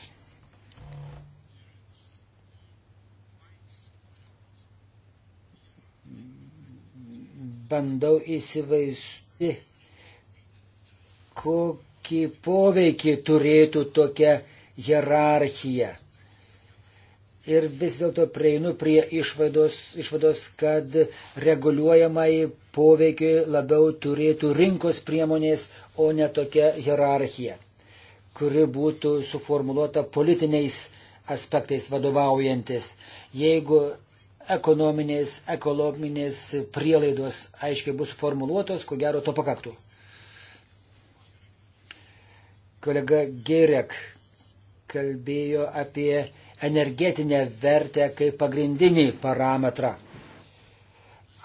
Speaker 1: Bandau įsivaizduoti, kokį poveikį turėtų tokia hierarchija. Ir vis dėlto prieinu prie išvados, išvados kad reguliuojamai poveikį labiau turėtų rinkos priemonės, o ne tokia hierarchija, kuri būtų suformuoluota politiniais aspektais vadovaujantis. Jeigu ekonominės, ekonominės prielaidos aiškiai bus formuluotos, ko gero to pakaktų. Kolega Gerek kalbėjo apie energetinę vertę kaip pagrindinį parametrą.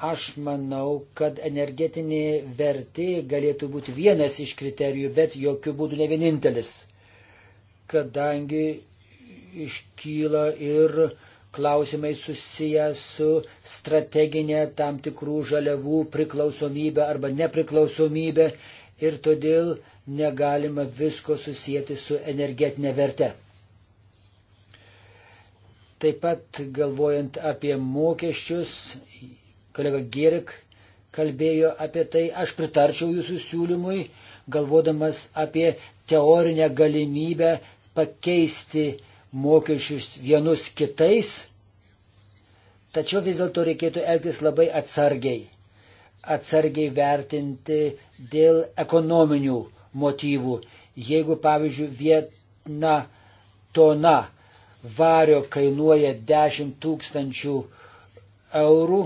Speaker 1: Aš manau, kad energetinė vertė galėtų būti vienas iš kriterijų, bet jokių būdų ne vienintelis, kadangi iškyla ir klausimai susiję su strateginė tam tikrų žaliavų priklausomybė arba nepriklausomybė ir todėl negalima visko susijęti su energetinė verte. Taip pat galvojant apie mokesčius kolega Gierik kalbėjo apie tai, aš pritarčiau jūsų siūlymui, galvodamas apie teorinę galimybę pakeisti mokesčius vienus kitais, tačiau vis dėlto reikėtų elgtis labai atsargiai, atsargiai vertinti dėl ekonominių motyvų. Jeigu, pavyzdžiui, viena tona vario kainuoja 10 tūkstančių eurų,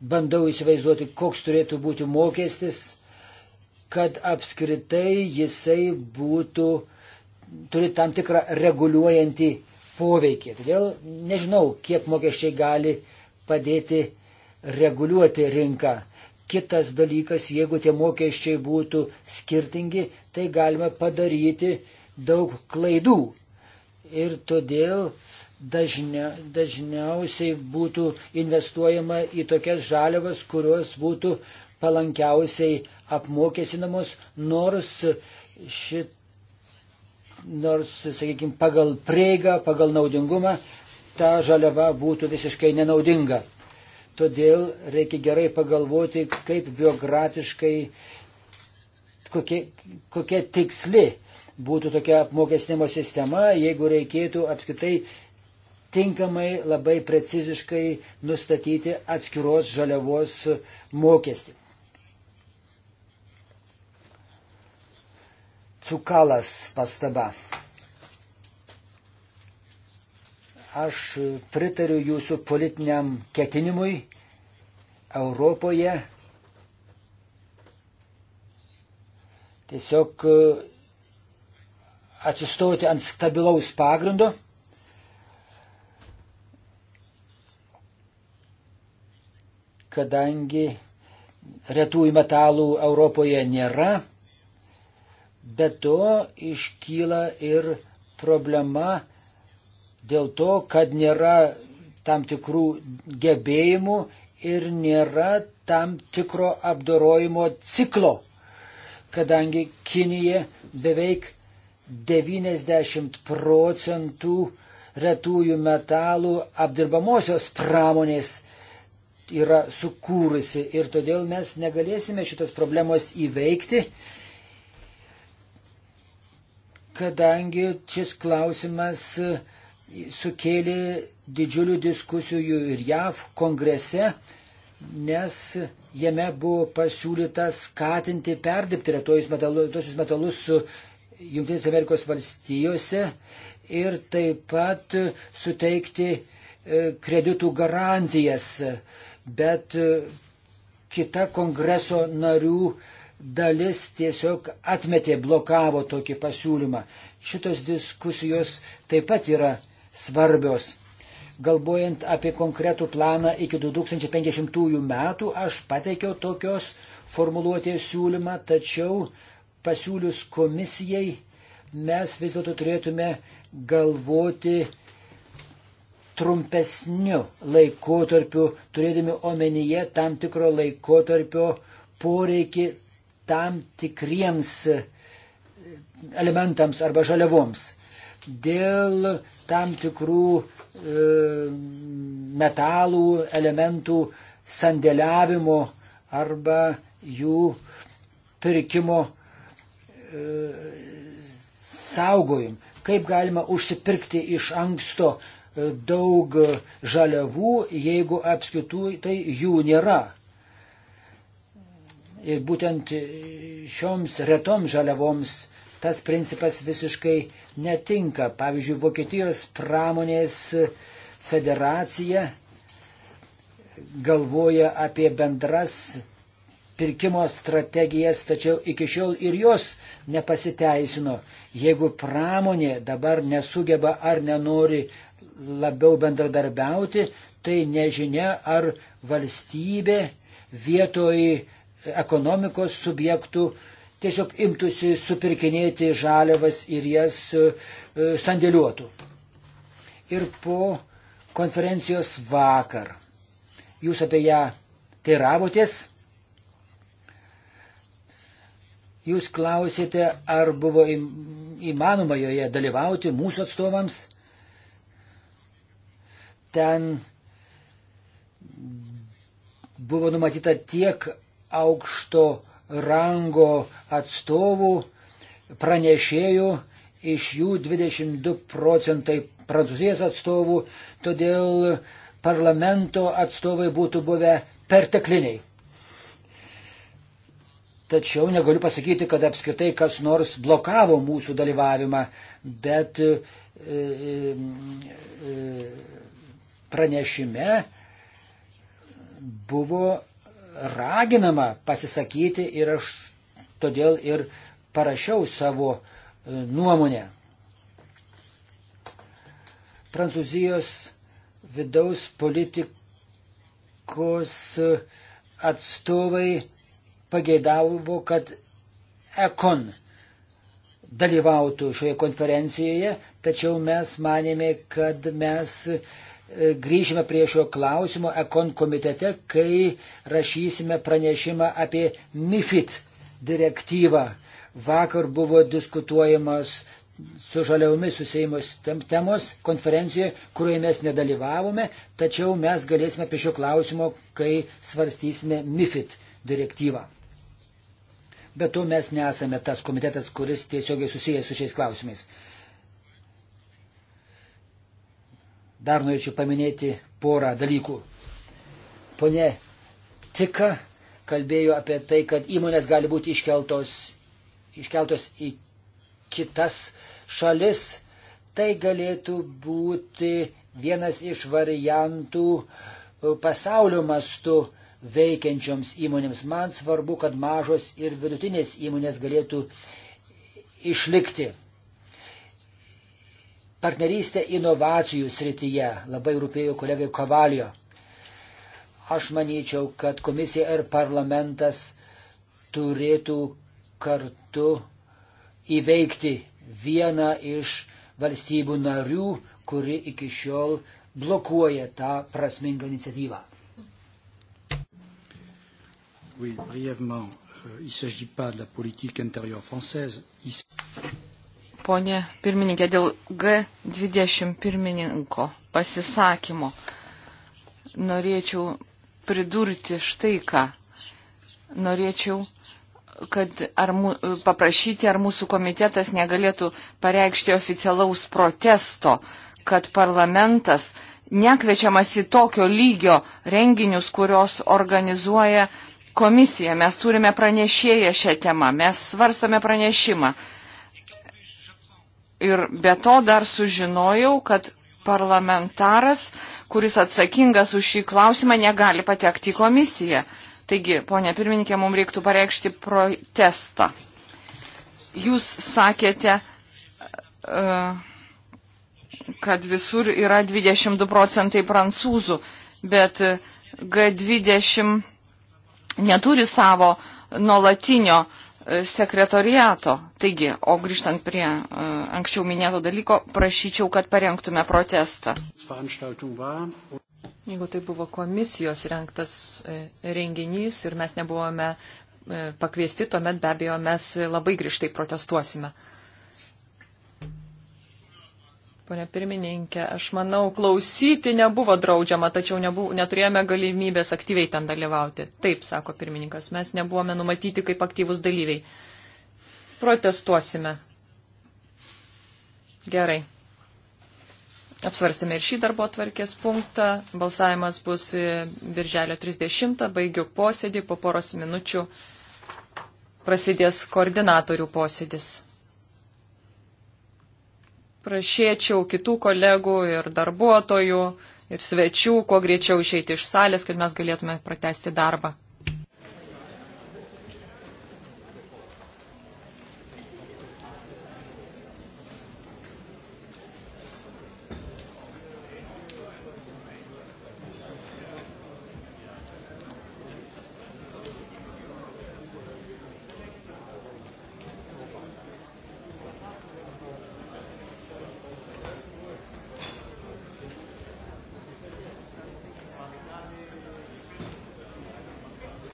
Speaker 1: bandau įsivaizduoti, koks turėtų būti mokestis, kad apskritai jisai būtų, turi tam tikrą reguliuojantį poveikį. Todėl nežinau, kiek mokesčiai gali padėti reguliuoti rinką. Kitas dalykas, jeigu tie mokesčiai būtų skirtingi, tai galime padaryti daug klaidų. Ir todėl dažnia, dažniausiai būtų investuojama į tokias žaliavas, kurios būtų palankiausiai apmokestinamos, nors, šit, nors sakykime, pagal prieigą, pagal naudingumą ta žaliava būtų visiškai nenaudinga. Todėl reikia gerai pagalvoti, kaip biogratiškai, kokia, kokia tiksli būtų tokia apmokestinimo sistema, jeigu reikėtų apskritai tinkamai labai preciziškai nustatyti atskiros žaliavos mokestį. Cukalas pastaba. Aš pritariu jūsų politiniam ketinimui Europoje tiesiog e, atsistoti ant stabilaus pagrindo kadangi retųjų metalų Europoje nėra, bet to iškyla ir problema dėl to, kad nėra tam tikrų gebėjimų ir nėra tam tikro apdorojimo ciklo, kadangi Kinija beveik 90 procentų retųjų metalų apdirbamosios pramonės yra sukūrusi ir todėl mes negalėsime šitos problemos įveikti, kadangi šis klausimas sukėlė didžiulių diskusijų ir JAV kongrese, nes jame buvo pasiūlyta skatinti perdirbti retojus metalus, metalus su Junktinės Amerikos valstijose ir taip pat suteikti e, kreditų garantijas bet e, kita kongreso narių dalis tiesiog atmetė, blokavo tokį pasiūlymą. Šitos diskusijos taip pat yra svarbios. Galvojant apie konkretų planą iki 2050 metų, aš pateikiau tokios formuluotės siūlymą, tačiau pasiūlius komisijai mes vis dėlto turėtume galvoti trumpesniu laikotarpiu, turėdami omenyje tam tikro laikotarpio poreikį tam tikriems e, elementams arba žaliavoms. Dėl tam tikrų e, metalų, elementų sandėliavimo arba jų pirkimo e, saugojim. Kaip galima užsipirkti iš anksto daug žaliavų, jeigu apskritų tai jų nėra. Ir būtent šioms retom žaliavoms tas principas visiškai netinka. Pavyzdžiui, Vokietijos pramonės federacija galvoja apie bendras pirkimo strategijas, tačiau iki šiol ir jos nepasiteisino. Jeigu pramonė dabar nesugeba ar nenori labiau bendradarbiauti, tai nežinia, ar valstybė vietoj ekonomikos subjektų tiesiog imtųsi supirkinėti žaliavas ir jas e, sandėliuotų. Ir po konferencijos vakar jūs apie ją teiravotės, jūs klausėte, ar buvo įmanoma joje dalyvauti mūsų atstovams ten buvo numatyta tiek aukšto rango atstovų, pranešėjų, iš jų 22 procentai Prancūzijos atstovų, todėl parlamento atstovai būtų buvę pertekliniai. Tačiau negaliu pasakyti, kad apskritai kas nors blokavo mūsų dalyvavimą, bet e, e, e pranešime buvo raginama pasisakyti ir aš todėl ir parašiau savo e, nuomonę. Prancūzijos vidaus politikos atstovai pageidavo, kad Ekon dalyvautų šioje konferencijoje, tačiau mes manėme, kad mes E, grįšime prie šio klausimo Ekon komitete, kai rašysime pranešimą apie MIFID direktyvą. Vakar buvo diskutuojamas su žaliaumis susėjimus temos konferencijoje, kurioje mes nedalyvavome, tačiau mes galėsime apie šio klausimo, kai svarstysime MIFID direktyvą. Bet to mes nesame tas komitetas, kuris tiesiogiai susijęs su šiais klausimais. dar norėčiau paminėti porą dalykų. Pone Tika kalbėjo apie tai, kad įmonės gali būti iškeltos, iškeltos į kitas šalis. Tai galėtų būti vienas iš variantų e, pasaulio mastu veikiančioms įmonėms. Man svarbu, kad mažos ir vidutinės įmonės galėtų išlikti partnerystę inovacijų srityje. Labai rūpėjo kolegai Kovalio. Aš manyčiau, kad komisija ir parlamentas turėtų kartu įveikti vieną iš valstybių narių, kuri iki šiol blokuoja tą prasmingą iniciatyvą. Oui, brièvement, euh, il ne s'agit pas de la politique intérieure française. Il
Speaker 2: ponė pirmininkė, dėl G20 pirmininko pasisakymo norėčiau pridurti štai ką. Norėčiau, kad ar mu, paprašyti, ar mūsų komitetas negalėtų pareikšti oficialaus protesto, kad parlamentas nekviečiamas į tokio lygio renginius, kurios organizuoja komisija. Mes turime pranešėję šią temą, mes svarstome pranešimą. Ir be to dar sužinojau, kad parlamentaras, kuris atsakingas už šį klausimą, negali patekti į komisiją. Taigi, ponė pirmininkė, mums reiktų pareikšti protestą. Jūs sakėte, e, kad visur yra 22 procentai prancūzų, bet G20 neturi savo nuolatinio uh, sekretoriato. Taigi, o grįžtant prie e, anksčiau minėto dalyko, prašyčiau, kad parengtume protestą. Jeigu tai buvo komisijos renktas e, renginys ir mes nebuvome e, pakviesti, tuomet be abejo mes labai grįžtai protestuosime. Pone pirmininkė, aš manau, klausyti nebuvo draudžiama, tačiau nebuvo, neturėjome galimybės aktyviai ten dalyvauti. Taip, sako pirmininkas, mes nebuvome numatyti kaip aktyvus dalyviai. Protestuosime. Gerai. Apsvarstėme ir šį darbo tvarkės punktą. Balsavimas bus e, birželio 30. Baigiu posėdį. Po poros minučių prasidės koordinatorių posėdis prašėčiau kitų kolegų ir darbuotojų ir svečių kuo greičiau išeiti iš salės, kad mes galėtume pratesti darbą.